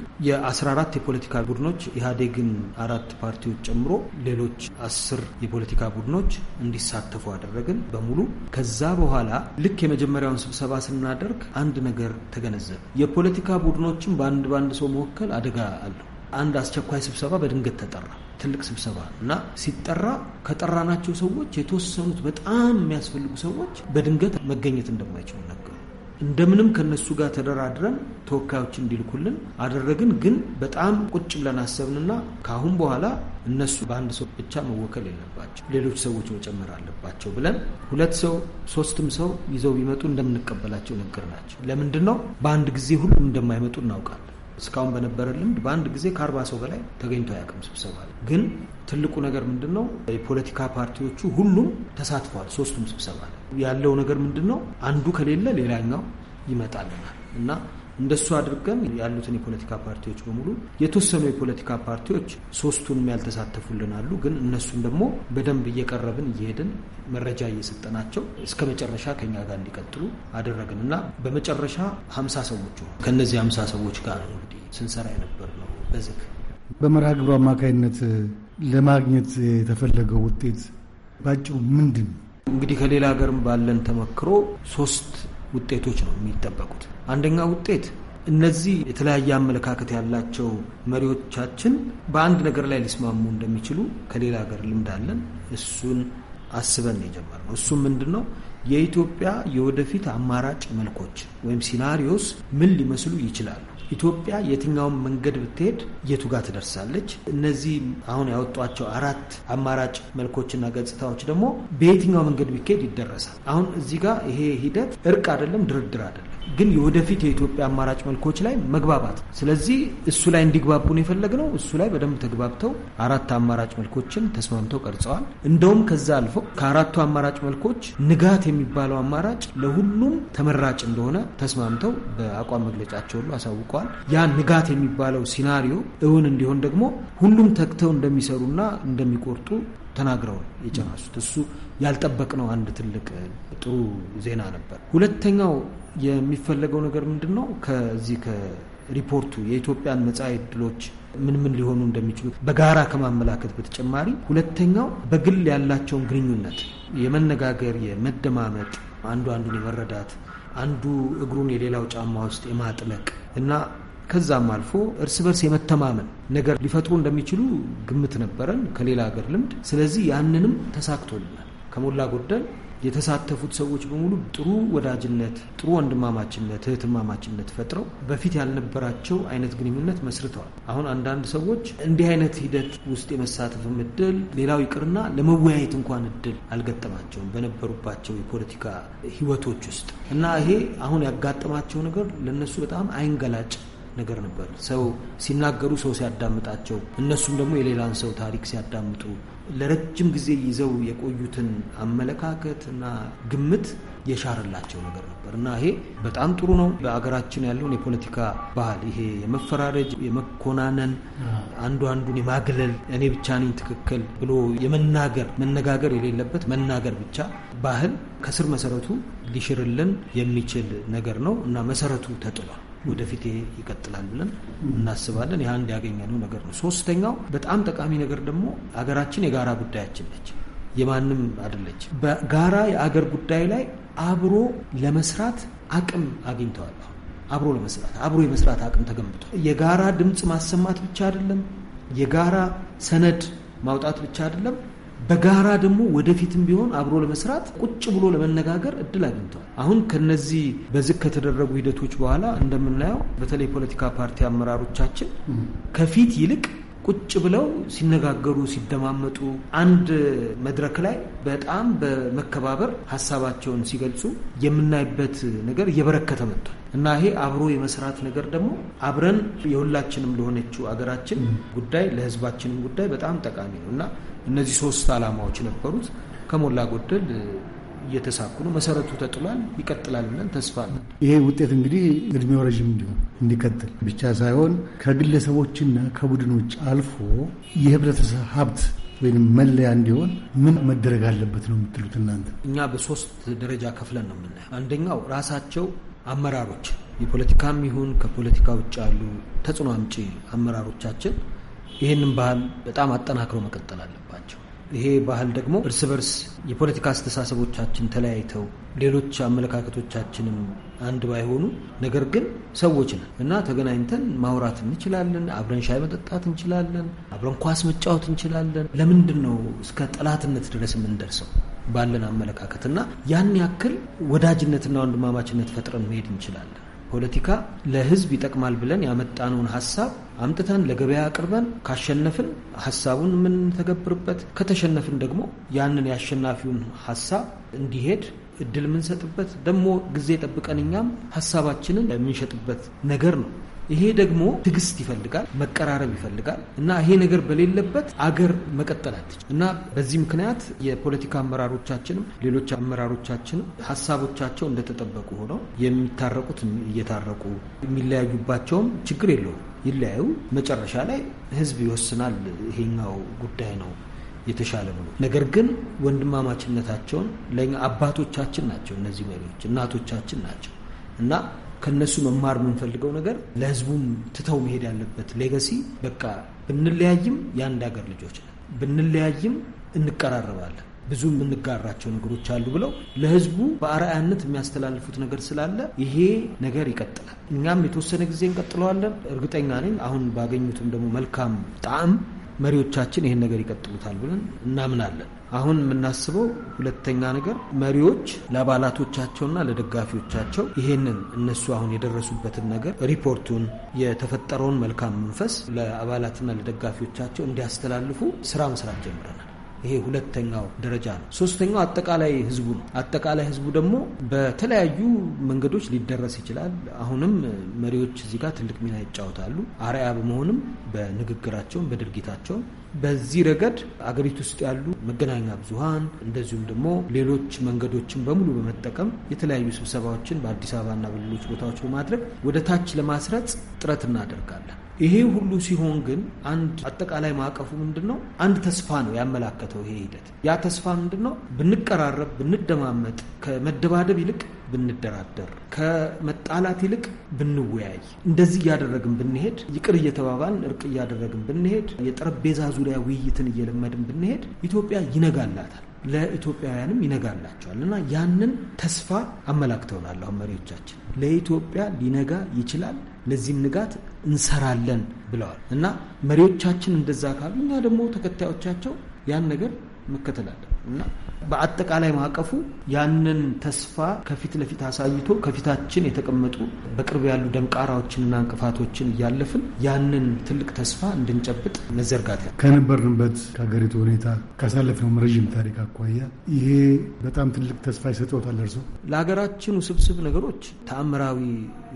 አራት የፖለቲካ ቡድኖች ኢህአዴግን አራት ፓርቲዎች ጨምሮ ሌሎች አስር የፖለቲካ ቡድኖች እንዲሳተፉ አደረግን በሙሉ። ከዛ በኋላ ልክ የመጀመሪያውን ስብሰባ ስናደርግ አንድ ነገር ተገነዘብ የፖለቲካ ቡድኖችን በአንድ በአንድ ሰው መወከል አደጋ አለው። አንድ አስቸኳይ ስብሰባ በድንገት ተጠራ። ትልቅ ስብሰባ እና ሲጠራ ከጠራናቸው ሰዎች የተወሰኑት በጣም የሚያስፈልጉ ሰዎች በድንገት መገኘት እንደማይችሉ ነገሩ። እንደምንም ከነሱ ጋር ተደራድረን ተወካዮች እንዲልኩልን አደረግን። ግን በጣም ቁጭ ብለን አሰብንና ከአሁን በኋላ እነሱ በአንድ ሰው ብቻ መወከል የለባቸው፣ ሌሎች ሰዎች መጨመር አለባቸው ብለን ሁለት ሰው ሶስትም ሰው ይዘው ቢመጡ እንደምንቀበላቸው ነገር ናቸው። ለምንድን ነው በአንድ ጊዜ ሁሉም እንደማይመጡ እናውቃለን። እስካሁን በነበረ ልምድ በአንድ ጊዜ ከአርባ ሰው በላይ ተገኝቶ አያውቅም ስብሰባ ላይ። ግን ትልቁ ነገር ምንድን ነው? የፖለቲካ ፓርቲዎቹ ሁሉም ተሳትፈዋል። ሶስቱም ስብሰባ ላይ ያለው ነገር ምንድን ነው? አንዱ ከሌለ ሌላኛው ይመጣልናል እና እንደሱ አድርገን ያሉትን የፖለቲካ ፓርቲዎች በሙሉ የተወሰኑ የፖለቲካ ፓርቲዎች ሶስቱንም ያልተሳተፉልን አሉ። ግን እነሱን ደግሞ በደንብ እየቀረብን እየሄድን መረጃ እየሰጠናቸው እስከ መጨረሻ ከኛ ጋር እንዲቀጥሉ አደረግን እና በመጨረሻ ሀምሳ ሰዎች ከእነዚህ ሀምሳ ሰዎች ጋር ነው እንግዲህ ስንሰራ የነበር ነው። በዝግ በመርሃ ግብሩ አማካይነት ለማግኘት የተፈለገው ውጤት ባጭሩ ምንድን እንግዲህ ከሌላ ሀገርም ባለን ተመክሮ ሶስት ውጤቶች ነው የሚጠበቁት። አንደኛ ውጤት እነዚህ የተለያየ አመለካከት ያላቸው መሪዎቻችን በአንድ ነገር ላይ ሊስማሙ እንደሚችሉ ከሌላ ሀገር ልምድ አለን። እሱን አስበን የጀመርነው እሱም ምንድን ነው የኢትዮጵያ የወደፊት አማራጭ መልኮች ወይም ሲናሪዮስ ምን ሊመስሉ ይችላሉ? ኢትዮጵያ የትኛውን መንገድ ብትሄድ የቱ ጋር ትደርሳለች? እነዚህ አሁን ያወጧቸው አራት አማራጭ መልኮችና ገጽታዎች ደግሞ በየትኛው መንገድ ቢካሄድ ይደረሳል? አሁን እዚህ ጋር ይሄ ሂደት እርቅ አይደለም፣ ድርድር አይደለም። ግን የወደፊት የኢትዮጵያ አማራጭ መልኮች ላይ መግባባት። ስለዚህ እሱ ላይ እንዲግባቡን የፈለግነው እሱ ላይ በደንብ ተግባብተው አራት አማራጭ መልኮችን ተስማምተው ቀርጸዋል። እንደውም ከዛ አልፎ ከአራቱ አማራጭ መልኮች ንጋት የሚባለው አማራጭ ለሁሉም ተመራጭ እንደሆነ ተስማምተው በአቋም መግለጫቸው ሁሉ አሳውቀዋል። ያ ንጋት የሚባለው ሲናሪዮ እውን እንዲሆን ደግሞ ሁሉም ተግተው እንደሚሰሩና እንደሚቆርጡ ተናግረው የጨረሱት። እሱ ያልጠበቅነው አንድ ትልቅ ጥሩ ዜና ነበር። ሁለተኛው የሚፈለገው ነገር ምንድን ነው? ከዚህ ከሪፖርቱ የኢትዮጵያን መጻኢ ዕድሎች ምን ምን ሊሆኑ እንደሚችሉ በጋራ ከማመላከት በተጨማሪ ሁለተኛው በግል ያላቸውን ግንኙነት የመነጋገር የመደማመጥ፣ አንዱ አንዱን የመረዳት አንዱ እግሩን የሌላው ጫማ ውስጥ የማጥለቅ እና ከዛም አልፎ እርስ በርስ የመተማመን ነገር ሊፈጥሩ እንደሚችሉ ግምት ነበረን ከሌላ ሀገር ልምድ። ስለዚህ ያንንም ተሳክቶልናል ከሞላ ጎደል። የተሳተፉት ሰዎች በሙሉ ጥሩ ወዳጅነት፣ ጥሩ ወንድማማችነት፣ እህትማማችነት ፈጥረው በፊት ያልነበራቸው አይነት ግንኙነት መስርተዋል። አሁን አንዳንድ ሰዎች እንዲህ አይነት ሂደት ውስጥ የመሳተፍም እድል ሌላው ይቅርና ለመወያየት እንኳን እድል አልገጠማቸውም በነበሩባቸው የፖለቲካ ህይወቶች ውስጥ እና ይሄ አሁን ያጋጠማቸው ነገር ለነሱ በጣም አይንገላጭ ነገር ነበር። ሰው ሲናገሩ ሰው ሲያዳምጣቸው፣ እነሱም ደግሞ የሌላን ሰው ታሪክ ሲያዳምጡ ለረጅም ጊዜ ይዘው የቆዩትን አመለካከት እና ግምት የሻረላቸው ነገር ነበር እና ይሄ በጣም ጥሩ ነው። በአገራችን ያለውን የፖለቲካ ባህል ይሄ የመፈራረጅ፣ የመኮናነን፣ አንዱ አንዱን የማግለል እኔ ብቻ ነኝ ትክክል ብሎ የመናገር መነጋገር የሌለበት መናገር ብቻ ባህል ከስር መሰረቱ ሊሽርልን የሚችል ነገር ነው እና መሰረቱ ተጥሏል። ወደፊት ይቀጥላል ብለን እናስባለን። ያ አንድ ያገኘነው ነገር ነው። ሶስተኛው በጣም ጠቃሚ ነገር ደግሞ አገራችን የጋራ ጉዳያችን ነች፣ የማንም አይደለች። በጋራ የአገር ጉዳይ ላይ አብሮ ለመስራት አቅም አግኝተዋል። አብሮ ለመስራት አብሮ የመስራት አቅም ተገንብቷል። የጋራ ድምፅ ማሰማት ብቻ አይደለም፣ የጋራ ሰነድ ማውጣት ብቻ አይደለም በጋራ ደግሞ ወደፊትም ቢሆን አብሮ ለመስራት ቁጭ ብሎ ለመነጋገር እድል አግኝተዋል። አሁን ከነዚህ በዝግ ከተደረጉ ሂደቶች በኋላ እንደምናየው በተለይ የፖለቲካ ፓርቲ አመራሮቻችን ከፊት ይልቅ ቁጭ ብለው ሲነጋገሩ ሲደማመጡ አንድ መድረክ ላይ በጣም በመከባበር ሀሳባቸውን ሲገልጹ የምናይበት ነገር እየበረከተ መጥቷል እና ይሄ አብሮ የመስራት ነገር ደግሞ አብረን የሁላችንም ለሆነችው አገራችን ጉዳይ ለሕዝባችንም ጉዳይ በጣም ጠቃሚ ነው እና እነዚህ ሶስት አላማዎች ነበሩት ከሞላ ጎደል እየተሳኩ ነው። መሰረቱ ተጥሏል፣ ይቀጥላል ብለን ተስፋ አለን። ይሄ ውጤት እንግዲህ እድሜው ረዥም እንዲሆን እንዲቀጥል ብቻ ሳይሆን ከግለሰቦችና ከቡድኖች አልፎ የህብረተሰብ ሀብት ወይም መለያ እንዲሆን ምን መደረግ አለበት ነው የምትሉት እናንተ? እኛ በሶስት ደረጃ ከፍለን ነው የምናየው። አንደኛው ራሳቸው አመራሮች የፖለቲካም ይሁን ከፖለቲካ ውጭ ያሉ ተጽዕኖ አምጪ አመራሮቻችን ይህንን ባህል በጣም አጠናክሮ መቀጠል አለ ይሄ ባህል ደግሞ እርስ በርስ የፖለቲካ አስተሳሰቦቻችን ተለያይተው ሌሎች አመለካከቶቻችንም አንድ ባይሆኑ ነገር ግን ሰዎች ነን እና ተገናኝተን ማውራት እንችላለን። አብረን ሻይ መጠጣት እንችላለን። አብረን ኳስ መጫወት እንችላለን። ለምንድን ነው እስከ ጠላትነት ድረስ የምንደርሰው? ባለን አመለካከት እና ያን ያክል ወዳጅነትና ወንድማማችነት ፈጥረን መሄድ እንችላለን። ፖለቲካ ለሕዝብ ይጠቅማል ብለን ያመጣነውን ሀሳብ አምጥተን ለገበያ አቅርበን ካሸነፍን ሀሳቡን የምንተገብርበት ከተሸነፍን ደግሞ ያንን የአሸናፊውን ሀሳብ እንዲሄድ እድል የምንሰጥበት ደግሞ ጊዜ ጠብቀን እኛም ሀሳባችንን የምንሸጥበት ነገር ነው። ይሄ ደግሞ ትዕግስት ይፈልጋል፣ መቀራረብ ይፈልጋል እና ይሄ ነገር በሌለበት አገር መቀጠል አትችል እና በዚህ ምክንያት የፖለቲካ አመራሮቻችንም ሌሎች አመራሮቻችንም ሀሳቦቻቸው እንደተጠበቁ ሆነው የሚታረቁት እየታረቁ የሚለያዩባቸውም ችግር የለውም። ይለያዩ። መጨረሻ ላይ ህዝብ ይወስናል። ይሄኛው ጉዳይ ነው የተሻለ ብሎ ነገር ግን ወንድማማችነታቸውን ለእኛ አባቶቻችን ናቸው እነዚህ መሪዎች እናቶቻችን ናቸው እና ከነሱ መማር የምንፈልገው ነገር ለህዝቡም ትተው መሄድ ያለበት ሌገሲ በቃ ብንለያይም የአንድ ሀገር ልጆች ነን፣ ብንለያይም እንቀራረባለን ብዙ የምንጋራቸው ነገሮች አሉ ብለው ለህዝቡ በአርአያነት የሚያስተላልፉት ነገር ስላለ ይሄ ነገር ይቀጥላል። እኛም የተወሰነ ጊዜ እንቀጥለዋለን። እርግጠኛ ነኝ አሁን ባገኙትም ደግሞ መልካም ጣዕም መሪዎቻችን ይህን ነገር ይቀጥሉታል ብለን እናምናለን። አሁን የምናስበው ሁለተኛ ነገር መሪዎች ለአባላቶቻቸውና ለደጋፊዎቻቸው ይሄንን እነሱ አሁን የደረሱበትን ነገር ሪፖርቱን፣ የተፈጠረውን መልካም መንፈስ ለአባላትና ለደጋፊዎቻቸው እንዲያስተላልፉ ስራ መስራት ጀምረናል። ይሄ ሁለተኛው ደረጃ ነው። ሶስተኛው አጠቃላይ ህዝቡ ነው። አጠቃላይ ህዝቡ ደግሞ በተለያዩ መንገዶች ሊደረስ ይችላል። አሁንም መሪዎች እዚህ ጋር ትልቅ ሚና ይጫወታሉ። አርአያ በመሆንም በንግግራቸውም በድርጊታቸውም በዚህ ረገድ አገሪቱ ውስጥ ያሉ መገናኛ ብዙሀን እንደዚሁም ደግሞ ሌሎች መንገዶችን በሙሉ በመጠቀም የተለያዩ ስብሰባዎችን በአዲስ አበባና በሌሎች ቦታዎች በማድረግ ወደ ታች ለማስረጽ ጥረት እናደርጋለን። ይሄ ሁሉ ሲሆን ግን አንድ አጠቃላይ ማዕቀፉ ምንድን ነው? አንድ ተስፋ ነው ያመላከተው ይሄ ሂደት። ያ ተስፋ ምንድን ነው? ብንቀራረብ፣ ብንደማመጥ፣ ከመደባደብ ይልቅ ብንደራደር፣ ከመጣላት ይልቅ ብንወያይ፣ እንደዚህ እያደረግን ብንሄድ፣ ይቅር እየተባባልን እርቅ እያደረግን ብንሄድ፣ የጠረጴዛ ዙሪያ ውይይትን እየለመድን ብንሄድ ኢትዮጵያ ይነጋላታል ለኢትዮጵያውያንም ይነጋላቸዋል እና ያንን ተስፋ አመላክተውናል። አሁን መሪዎቻችን ለኢትዮጵያ ሊነጋ ይችላል ለዚህም ንጋት እንሰራለን ብለዋል እና መሪዎቻችን እንደዛ ካሉ እኛ ደግሞ ተከታዮቻቸው ያን ነገር መከተላለን እና በአጠቃላይ ማዕቀፉ ያንን ተስፋ ከፊት ለፊት አሳይቶ ከፊታችን የተቀመጡ በቅርብ ያሉ ደምቃራዎችንና እንቅፋቶችን እያለፍን ያንን ትልቅ ተስፋ እንድንጨብጥ መዘርጋት ከነበርንበት ከሀገሪቱ ሁኔታ ካሳለፍነው ረዥም ታሪክ አኳያ ይሄ በጣም ትልቅ ተስፋ ይሰጠውታል። እርሶ ለሀገራችን ውስብስብ ነገሮች ተአምራዊ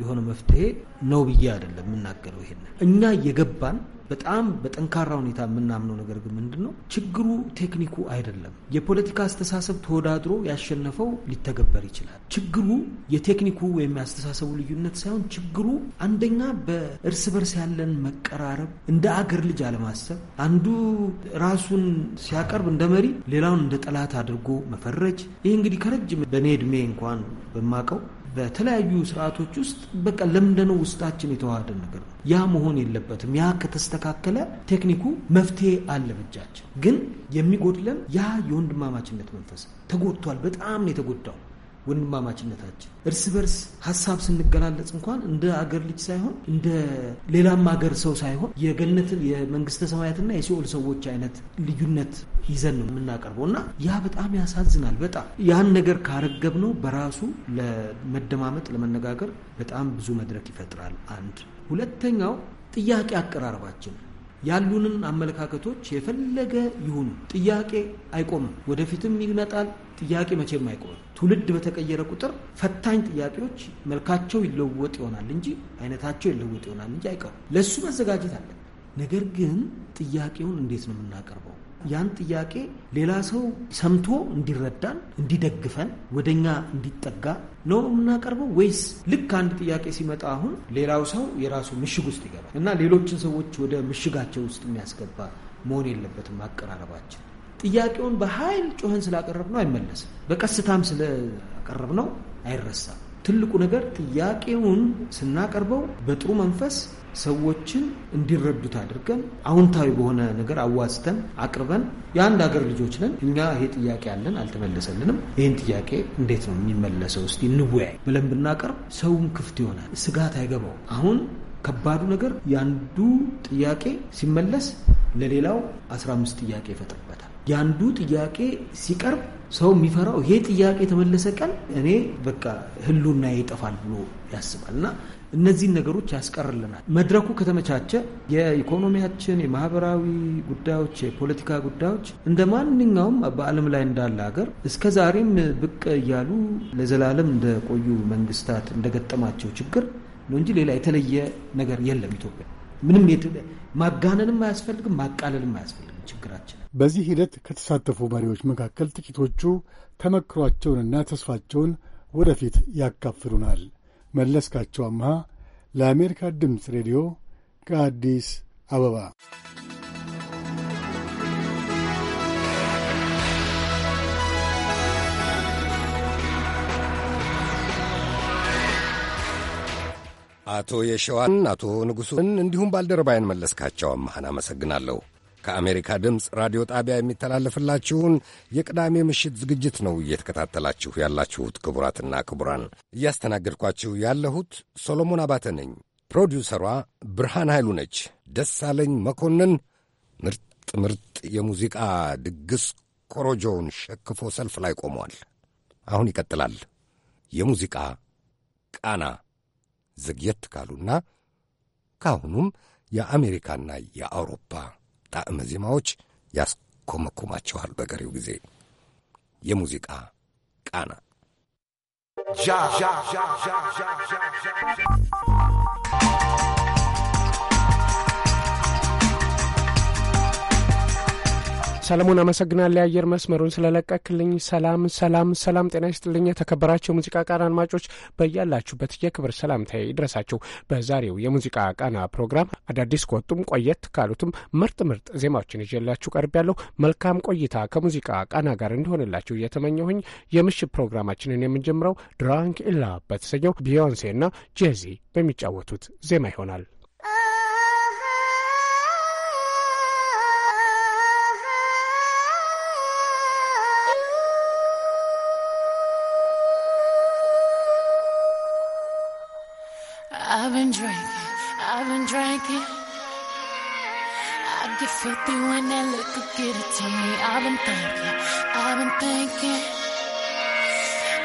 የሆነ መፍትሄ ነው ብዬ አይደለም የምናገረው። ይሄን እኛ እየገባን በጣም በጠንካራ ሁኔታ የምናምነው ነገር ግን ምንድን ነው ችግሩ ቴክኒኩ አይደለም። የፖለቲካ አስተሳሰብ ተወዳድሮ ያሸነፈው ሊተገበር ይችላል። ችግሩ የቴክኒኩ ወይም የአስተሳሰቡ ልዩነት ሳይሆን ችግሩ አንደኛ በእርስ በርስ ያለን መቀራረብ፣ እንደ አገር ልጅ አለማሰብ፣ አንዱ ራሱን ሲያቀርብ እንደ መሪ ሌላውን እንደ ጠላት አድርጎ መፈረጅ። ይህ እንግዲህ ከረጅም በእኔ ዕድሜ እንኳን በማቀው በተለያዩ ስርዓቶች ውስጥ በቃ ለምደነው ውስጣችን የተዋሃደ ነገር ነው። ያ መሆን የለበትም። ያ ከተስተካከለ ቴክኒኩ መፍትሄ አለ በእጃችን። ግን የሚጎድለን ያ የወንድማማችነት መንፈስ ተጎድቷል። በጣም ነው የተጎዳው። ወንድማማችነታችን እርስ በርስ ሀሳብ ስንገላለጽ እንኳን እንደ አገር ልጅ ሳይሆን እንደ ሌላም አገር ሰው ሳይሆን የገነትን የመንግስተ ሰማያትና የሲኦል ሰዎች አይነት ልዩነት ይዘን ነው የምናቀርበው እና ያ በጣም ያሳዝናል። በጣም ያን ነገር ካረገብ ነው በራሱ ለመደማመጥ ለመነጋገር በጣም ብዙ መድረክ ይፈጥራል። አንድ ሁለተኛው ጥያቄ አቀራረባችን ያሉንን አመለካከቶች የፈለገ ይሁኑ፣ ጥያቄ አይቆምም። ወደፊትም ይመጣል። ጥያቄ መቼም አይቆምም። ትውልድ በተቀየረ ቁጥር ፈታኝ ጥያቄዎች መልካቸው ይለወጥ ይሆናል እንጂ አይነታቸው ይለወጥ ይሆናል እንጂ አይቀሩም። ለእሱ መዘጋጀት አለ። ነገር ግን ጥያቄውን እንዴት ነው የምናቀርበው? ያን ጥያቄ ሌላ ሰው ሰምቶ እንዲረዳን እንዲደግፈን ወደኛ እንዲጠጋ ነው የምናቀርበው ወይስ ልክ አንድ ጥያቄ ሲመጣ አሁን ሌላው ሰው የራሱ ምሽግ ውስጥ ይገባል እና ሌሎችን ሰዎች ወደ ምሽጋቸው ውስጥ የሚያስገባ መሆን የለበትም አቀራረባችን። ጥያቄውን በኃይል ጮኸን ስላቀረብ ነው አይመለስም። በቀስታም ስለቀረብ ነው አይረሳም። ትልቁ ነገር ጥያቄውን ስናቀርበው በጥሩ መንፈስ ሰዎችን እንዲረዱት አድርገን አውንታዊ በሆነ ነገር አዋዝተን አቅርበን የአንድ ሀገር ልጆች ነን እኛ ይሄ ጥያቄ አለን አልተመለሰልንም፣ ይህን ጥያቄ እንዴት ነው የሚመለሰው? እስቲ እንወያይ ብለን ብናቀርብ ሰውም ክፍት ይሆናል፣ ስጋት አይገባው። አሁን ከባዱ ነገር የአንዱ ጥያቄ ሲመለስ ለሌላው 15 ጥያቄ ይፈጥርበታል። የአንዱ ጥያቄ ሲቀርብ ሰው የሚፈራው ይሄ ጥያቄ የተመለሰ ቀን እኔ በቃ ህሉና ይጠፋል ብሎ ያስባል እና እነዚህን ነገሮች ያስቀርልናል። መድረኩ ከተመቻቸ የኢኮኖሚያችን፣ የማህበራዊ ጉዳዮች፣ የፖለቲካ ጉዳዮች እንደ ማንኛውም በዓለም ላይ እንዳለ ሀገር እስከ ዛሬም ብቅ እያሉ ለዘላለም እንደቆዩ መንግስታት እንደገጠማቸው ችግር ነው እንጂ ሌላ የተለየ ነገር የለም። ኢትዮጵያ ምንም ማጋነንም አያስፈልግም፣ ማቃለልም አያስፈልግም ችግራችን። በዚህ ሂደት ከተሳተፉ መሪዎች መካከል ጥቂቶቹ ተመክሯቸውንና ተስፋቸውን ወደፊት ያካፍሉናል። መለስካቸው አምሃ ለአሜሪካ ድምፅ ሬዲዮ ከአዲስ አበባ አቶ የሸዋን አቶ ንጉሱን እንዲሁም ባልደረባይን መለስካቸው አምሃን አመሰግናለሁ። ከአሜሪካ ድምፅ ራዲዮ ጣቢያ የሚተላለፍላችሁን የቅዳሜ ምሽት ዝግጅት ነው እየተከታተላችሁ ያላችሁት። ክቡራትና ክቡራን እያስተናገድኳችሁ ያለሁት ሶሎሞን አባተ ነኝ። ፕሮዲውሰሯ ብርሃን ኃይሉ ነች። ደሳለኝ መኮንን ምርጥ ምርጥ የሙዚቃ ድግስ ኮሮጆውን ሸክፎ ሰልፍ ላይ ቆሟል። አሁን ይቀጥላል። የሙዚቃ ቃና ዘግየት ካሉና ከአሁኑም የአሜሪካና የአውሮፓ ጣዕመ ዜማዎች ያስኮመኮማቸዋል። በቀሪው ጊዜ የሙዚቃ ቃና ሰለሞን አመሰግናለሁ የአየር መስመሩን ስለለቀክልኝ። ሰላም ሰላም ሰላም፣ ጤና ይስጥልኝ። የተከበራቸው የሙዚቃ ቃና አድማጮች በያላችሁበት የክብር ሰላምታዬ ይድረሳችሁ። በዛሬው የሙዚቃ ቃና ፕሮግራም አዳዲስ ከወጡም ቆየት ካሉትም ምርጥ ምርጥ ዜማዎችን ይዤላችሁ ቀርቤያለሁ። መልካም ቆይታ ከሙዚቃ ቃና ጋር እንዲሆንላችሁ እየተመኘሁኝ የምሽት ፕሮግራማችንን የምንጀምረው ድራንክ ኢላ በተሰኘው ቢዮንሴና ጄዚ በሚጫወቱት ዜማ ይሆናል። thinking. I get filthy when that liquor get it to me. I've been thinking, I've been thinking.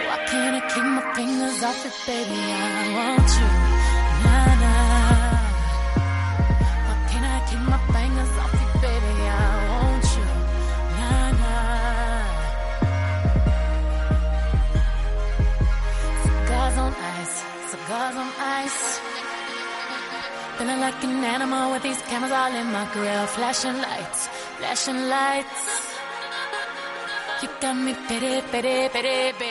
Why can't I keep my fingers off it, baby? I want you. Nah, running like an animal with these cameras all in my grill. Flashing lights, flashing lights. You got me pity, pity, pity, pity.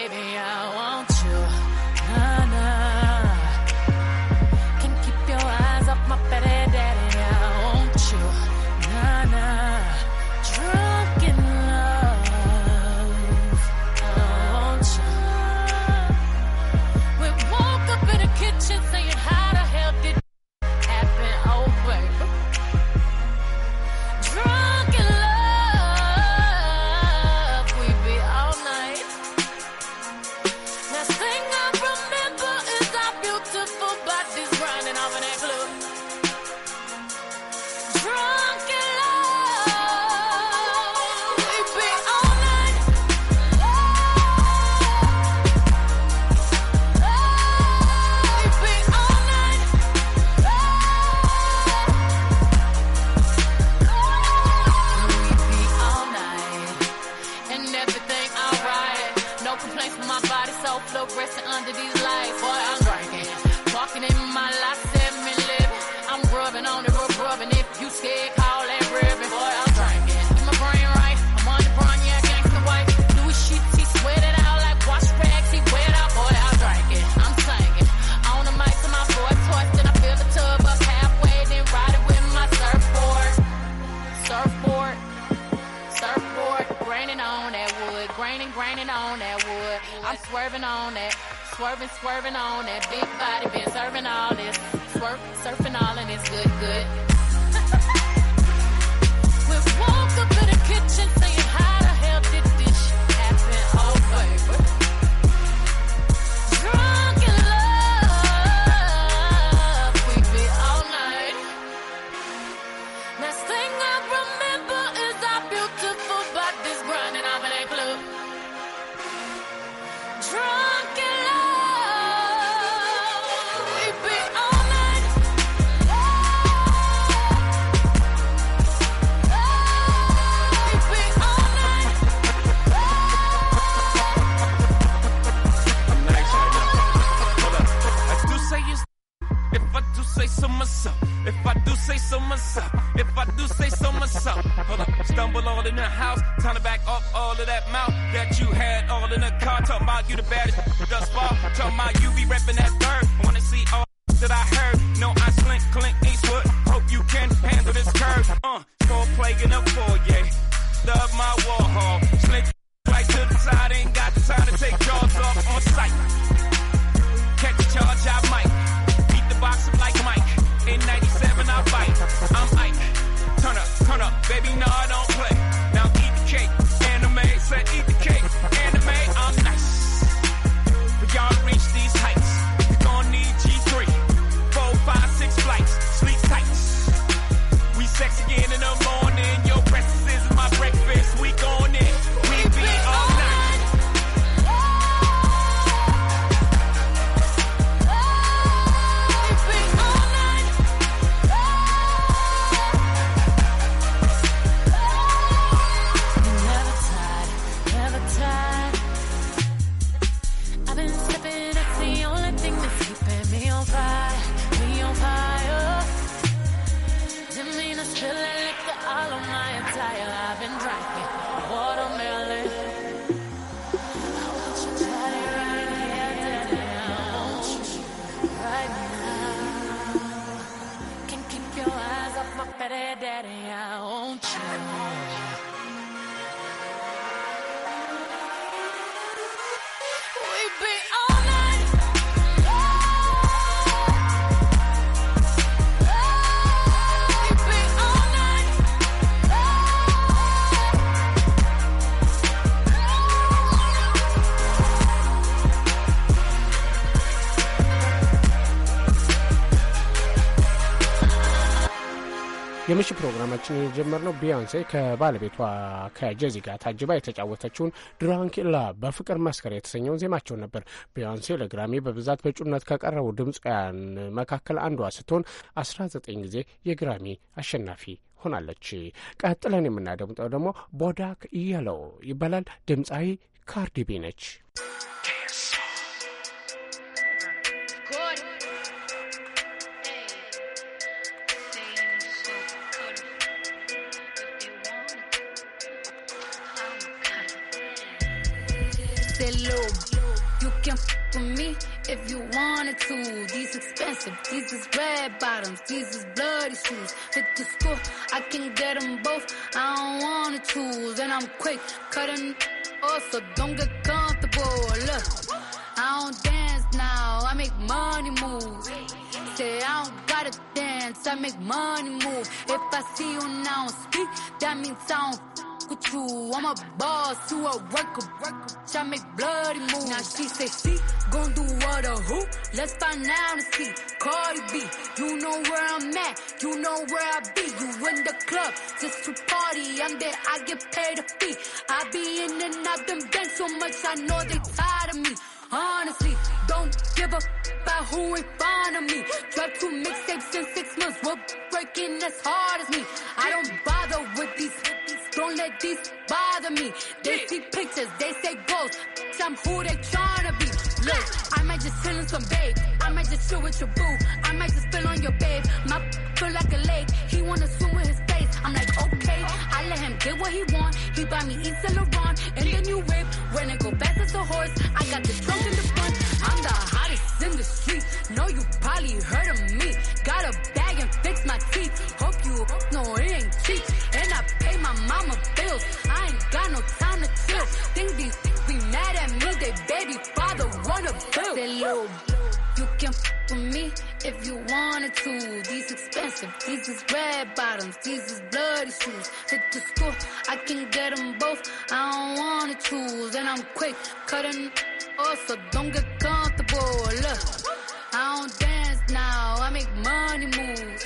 Swerving, swerving on that big body, been serving all this. Swerve, surfing all in this good, good. የጀመርነው ቢያንሴ ከባለቤቷ ከጀዚ ጋር ታጅባ የተጫወተችውን ድራንኪላ በፍቅር መስከር የተሰኘውን ዜማቸውን ነበር። ቢያንሴ ለግራሚ በብዛት በእጩነት ከቀረቡ ድምፃውያን መካከል አንዷ ስትሆን 19 ጊዜ የግራሚ አሸናፊ ሆናለች። ቀጥለን የምናደምጠው ደግሞ ቦዳክ የለው ይባላል። ድምፃዊ ካርዲቢ ነች። get low. You can f with me if you wanted to. These expensive, these is red bottoms, these is bloody shoes. Hit the school, I can get them both. I don't wanna choose, and I'm quick cutting off, so don't get comfortable. Look, I don't dance now, I make money move. Say I don't gotta dance, I make money move. If I see you now speak, that means I don't with you. I'm a boss to a worker. Try make bloody moves. Now she say she gon' do what a who? Let's find out and see. Cardi B, you know where I'm at. You know where I be. You in the club just to party. I'm there. I get paid a fee. I be in and out them bands so much. I know they tired of me. Honestly, don't give up about who in front of me. Drop two mixtapes in six months. We're breaking as hard as me. I don't bother with these. Don't let these bother me. They yeah. see pictures, they say ghosts. Some who they tryna be. Look, I might just chill in some babe. I might just chill with your boo. I might just spill on your babe. My feel like a lake. He wanna swim with his face. I'm like, okay. I let him get what he want. He buy me East and Laurent and the new wave. When it go fast as a horse, I got the trunk in the front. I'm the hottest in the street. Know you probably heard of me. Got a bag and fix my teeth. Hope you know it ain't cheap. I pay my mama bills. I ain't got no time to chill. Think these be mad at me, they baby father wanna build. That little you can f with me if you wanted to. These expensive, these is red bottoms, these is bloody shoes. Hit the school, I can get them both. I don't wanna choose, and I'm quick cutting off, so don't get comfortable. Look, I don't dance now, I make money moves.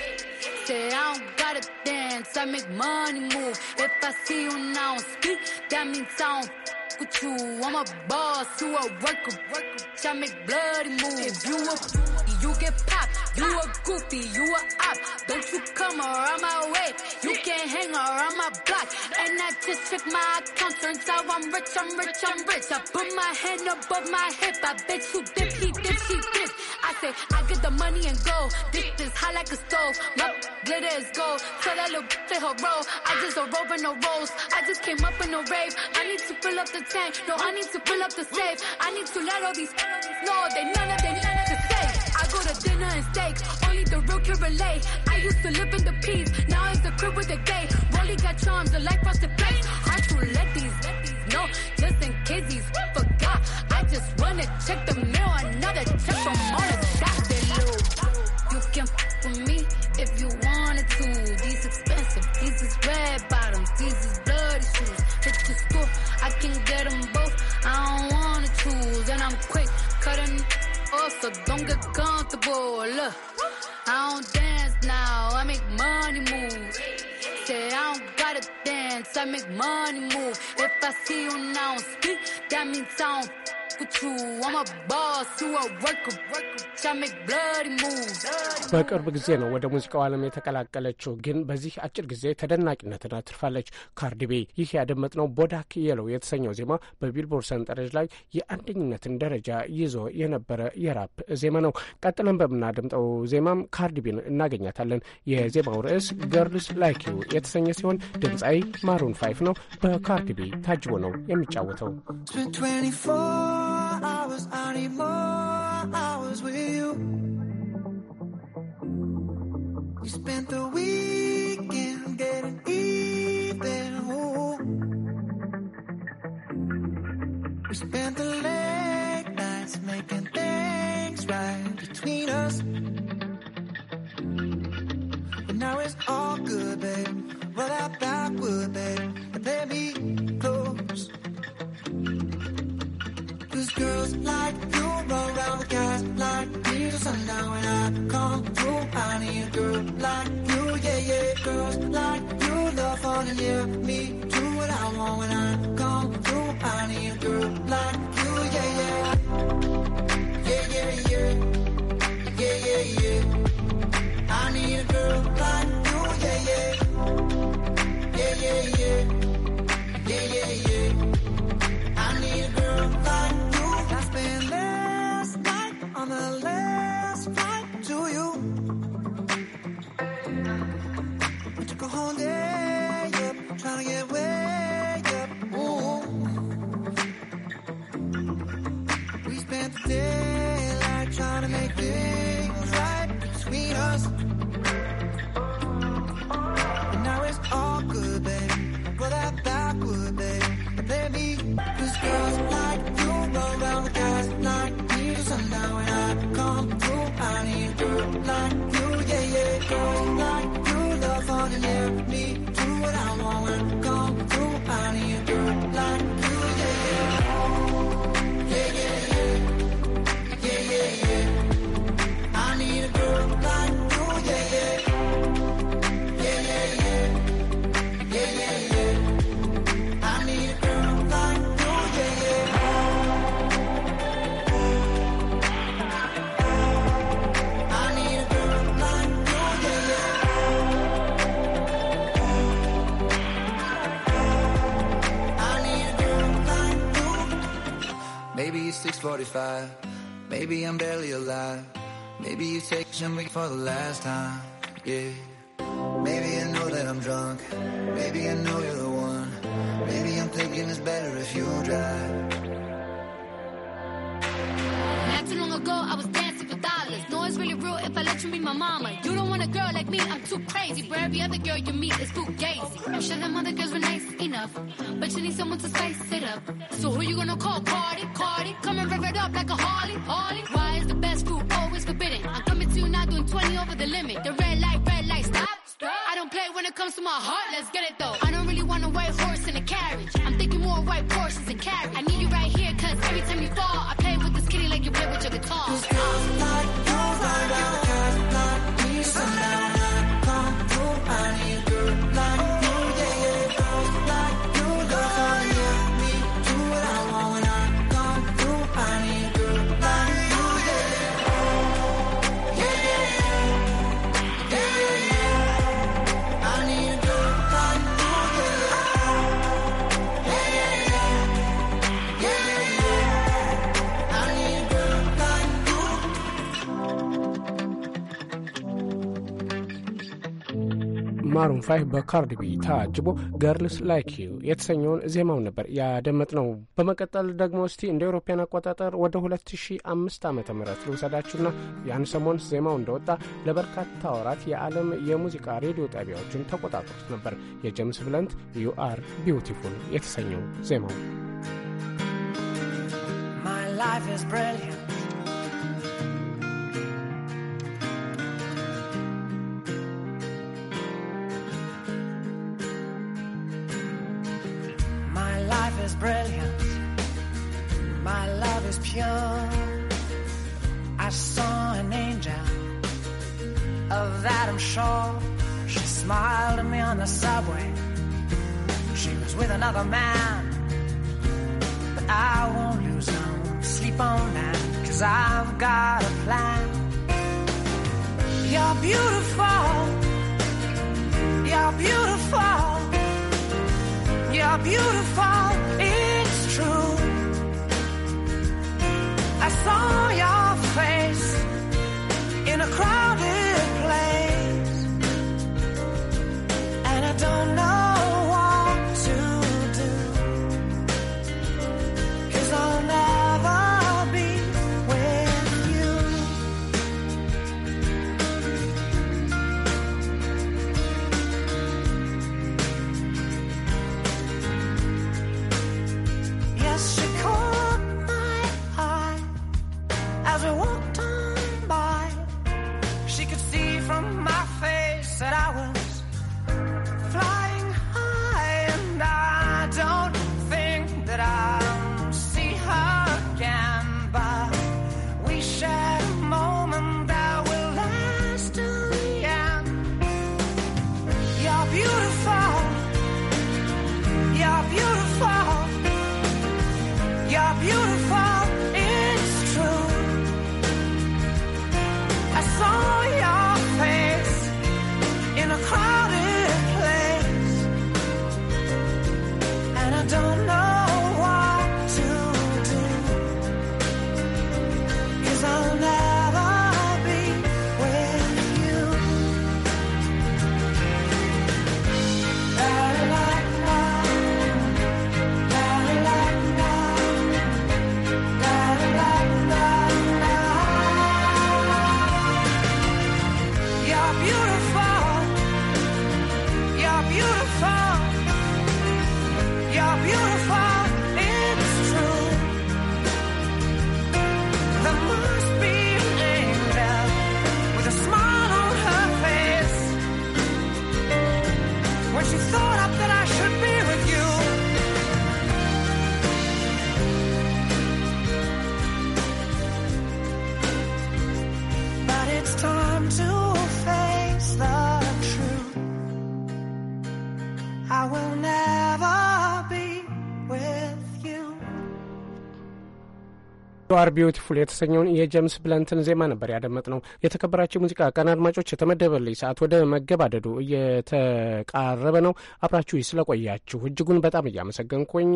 Say I don't gotta dance. I make money move. If I see you now speak, that means I don't f- with you. I'm a boss, you a worker, worker. I make bloody moves. If you a you get popped. You a goofy, you a op. Don't you come around my way. You can't hang around my block. And I just check my account. Turns out I'm rich, I'm rich, I'm rich. I put my hand above my hip. I bet you dip, he dip, she dip. I say, I get the money and go. This is hot like a stove. My glitter is gold. Tell that little to her role. I just don't roll no rolls. I just came up in a rave. I need to fill up the tank. No, I need to fill up the safe. I need to let all these know they none of them none of the safe. I go to dinner and steak. Only the real can relate. I used to live in the peace. Now it's the crib with the gay. Rolly got charms. The life off the plate. Hard to let these, let these know. Just in case these forgot. I just want to check the mirror, another check from all the doctor You can fuck with me if you wanted to. These expensive, these is red bottoms, these is bloody shoes. Hit the store, I can get them both. I don't wanna choose, and I'm quick cutting off, so don't get comfortable. Look, I don't dance now, I make money moves. Say I don't gotta dance, I make money move. If I see you now speak, that means I don't with I'm a boss, you a worker. worker. በቅርብ ጊዜ ነው ወደ ሙዚቃው ዓለም የተቀላቀለችው፣ ግን በዚህ አጭር ጊዜ ተደናቂነትን አትርፋለች። ካርዲቤ ይህ ያደመጥነው ቦዳክ የለው የተሰኘው ዜማ በቢልቦርድ ሰንጠረዥ ላይ የአንደኝነትን ደረጃ ይዞ የነበረ የራፕ ዜማ ነው። ቀጥለን በምናደምጠው ዜማም ካርዲቤን እናገኛታለን። የዜማው ርዕስ ገርልስ ላይክ ዩ የተሰኘ ሲሆን ድምፃዊ ማሩን ፋይፍ ነው። በካርዲቤ ታጅቦ ነው የሚጫወተው። hours with you. We spent the weekend getting even. Ooh. We spent the late nights making things right between us. But now it's all good, babe. Roll out that wood, babe. yeah, girls like you love falling near me. Do what I want when I'm 45. Maybe I'm barely alive. Maybe you take something for the last time. Yeah. Maybe I know that I'm drunk. Maybe I know you're the one. Maybe I'm thinking it's better if you drive. Not too long ago, I was dancing dollars. No, it's really real if I let you meet my mama. You don't want a girl like me, I'm too crazy. For every other girl you meet It's too gazy. I'm sure them other girls were nice enough, but you need someone to spice it up. So who you gonna call? Cardi, Cardi. Come and rev it up like a Harley, Harley. Why is the best food always forbidden? I'm coming to you now doing 20 over the limit. The red light, red light, stop. I don't play when it comes to my heart, let's get it though. ማሩን በካርድ ቢ ታጅቦ ገርልስ ላይክ ዩ የተሰኘውን ዜማውን ነበር ያደመጥ ነው። በመቀጠል ደግሞ እስቲ እንደ አውሮፓውያን አቆጣጠር ወደ 2005 ዓ ም ልውሰዳችሁና ያን ሰሞን ዜማው እንደወጣ ለበርካታ ወራት የዓለም የሙዚቃ ሬዲዮ ጣቢያዎችን ተቆጣጥሮት ነበር የጀምስ ብለንት ዩ አር ቢውቲፉል የተሰኘው ዜማው My life is brilliant. brilliant. My love is pure. I saw an angel. Of that I'm sure. She smiled at me on the subway. She was with another man. But I won't lose no sleep on that. Cause I've got a plan. You're beautiful. You're beautiful. You're beautiful true. I saw your face in a crowded place, and I don't know. አር ቢዩቲፉል የተሰኘውን የጀምስ ብለንትን ዜማ ነበር ያደመጥ ነው። የተከበራቸው ሙዚቃ ቀን አድማጮች የተመደበልኝ ሰዓት ወደ መገባደዱ እየተቃረበ ነው። አብራችሁ ስለቆያችሁ እጅጉን በጣም እያመሰገንኩኝ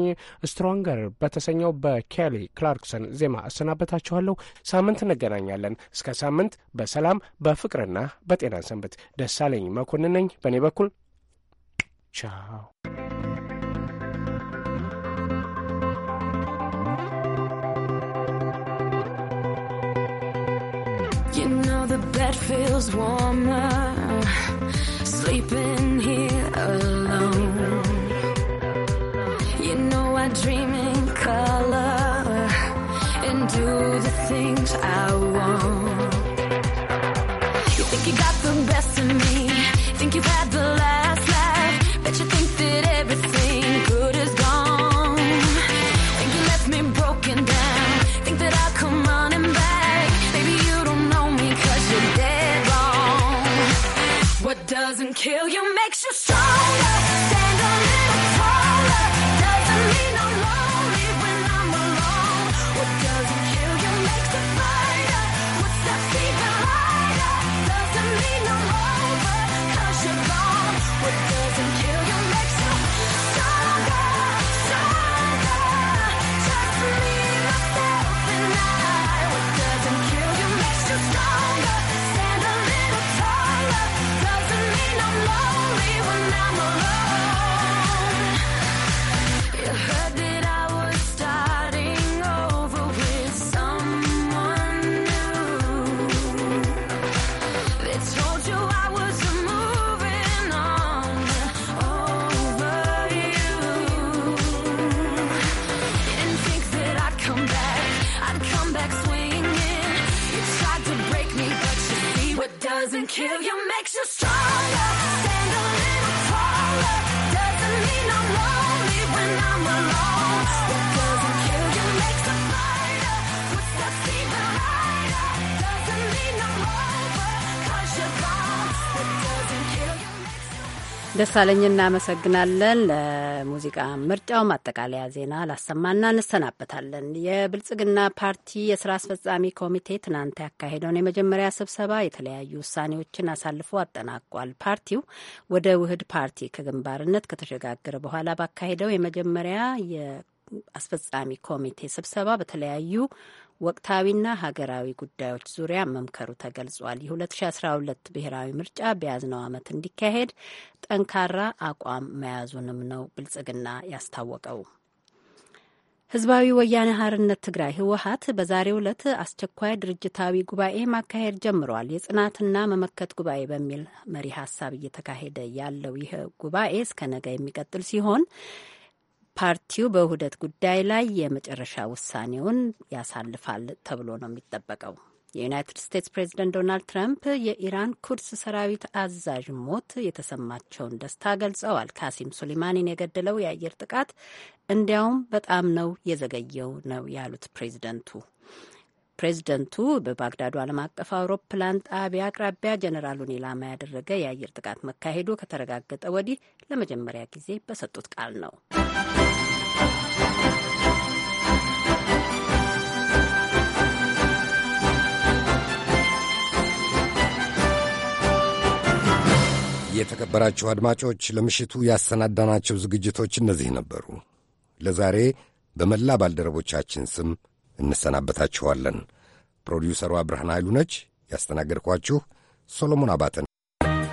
ስትሮንገር በተሰኘው በኬሊ ክላርክሰን ዜማ አሰናበታችኋለሁ። ሳምንት እንገናኛለን። እስከ ሳምንት በሰላም በፍቅርና በጤና ሰንበት። ደሳለኝ መኮንን ነኝ በእኔ በኩል ቻው። feels warmer sleeping here alone. You know I dream in color and do the things ደሳለኝ እናመሰግናለን። ለሙዚቃ ምርጫው ማጠቃለያ ዜና ላሰማና እንሰናበታለን። የብልጽግና ፓርቲ የስራ አስፈጻሚ ኮሚቴ ትናንት ያካሄደውን የመጀመሪያ ስብሰባ የተለያዩ ውሳኔዎችን አሳልፎ አጠናቋል። ፓርቲው ወደ ውህድ ፓርቲ ከግንባርነት ከተሸጋገረ በኋላ ባካሄደው የመጀመሪያ አስፈጻሚ ኮሚቴ ስብሰባ በተለያዩ ወቅታዊና ሀገራዊ ጉዳዮች ዙሪያ መምከሩ ተገልጿል። የ2012 ብሔራዊ ምርጫ በያዝነው ዓመት እንዲካሄድ ጠንካራ አቋም መያዙንም ነው ብልጽግና ያስታወቀው። ህዝባዊ ወያነ ሀርነት ትግራይ ህወሀት በዛሬው ዕለት አስቸኳይ ድርጅታዊ ጉባኤ ማካሄድ ጀምሯል። የጽናትና መመከት ጉባኤ በሚል መሪ ሀሳብ እየተካሄደ ያለው ይህ ጉባኤ እስከ ነገ የሚቀጥል ሲሆን ፓርቲው በውህደት ጉዳይ ላይ የመጨረሻ ውሳኔውን ያሳልፋል ተብሎ ነው የሚጠበቀው። የዩናይትድ ስቴትስ ፕሬዝደንት ዶናልድ ትራምፕ የኢራን ኩድስ ሰራዊት አዛዥ ሞት የተሰማቸውን ደስታ ገልጸዋል። ካሲም ሱሊማኒን የገደለው የአየር ጥቃት እንዲያውም በጣም ነው የዘገየው ነው ያሉት ፕሬዝደንቱ ፕሬዚደንቱ በባግዳዱ ዓለም አቀፍ አውሮፕላን ጣቢያ አቅራቢያ ጀኔራሉን ኢላማ ያደረገ የአየር ጥቃት መካሄዱ ከተረጋገጠ ወዲህ ለመጀመሪያ ጊዜ በሰጡት ቃል ነው። የተከበራችሁ አድማጮች ለምሽቱ ያሰናዳናቸው ዝግጅቶች እነዚህ ነበሩ። ለዛሬ በመላ ባልደረቦቻችን ስም እንሰናበታችኋለን። ፕሮዲውሰሯ ብርሃን ኃይሉ ነች። ያስተናገድኳችሁ ሶሎሞን አባተን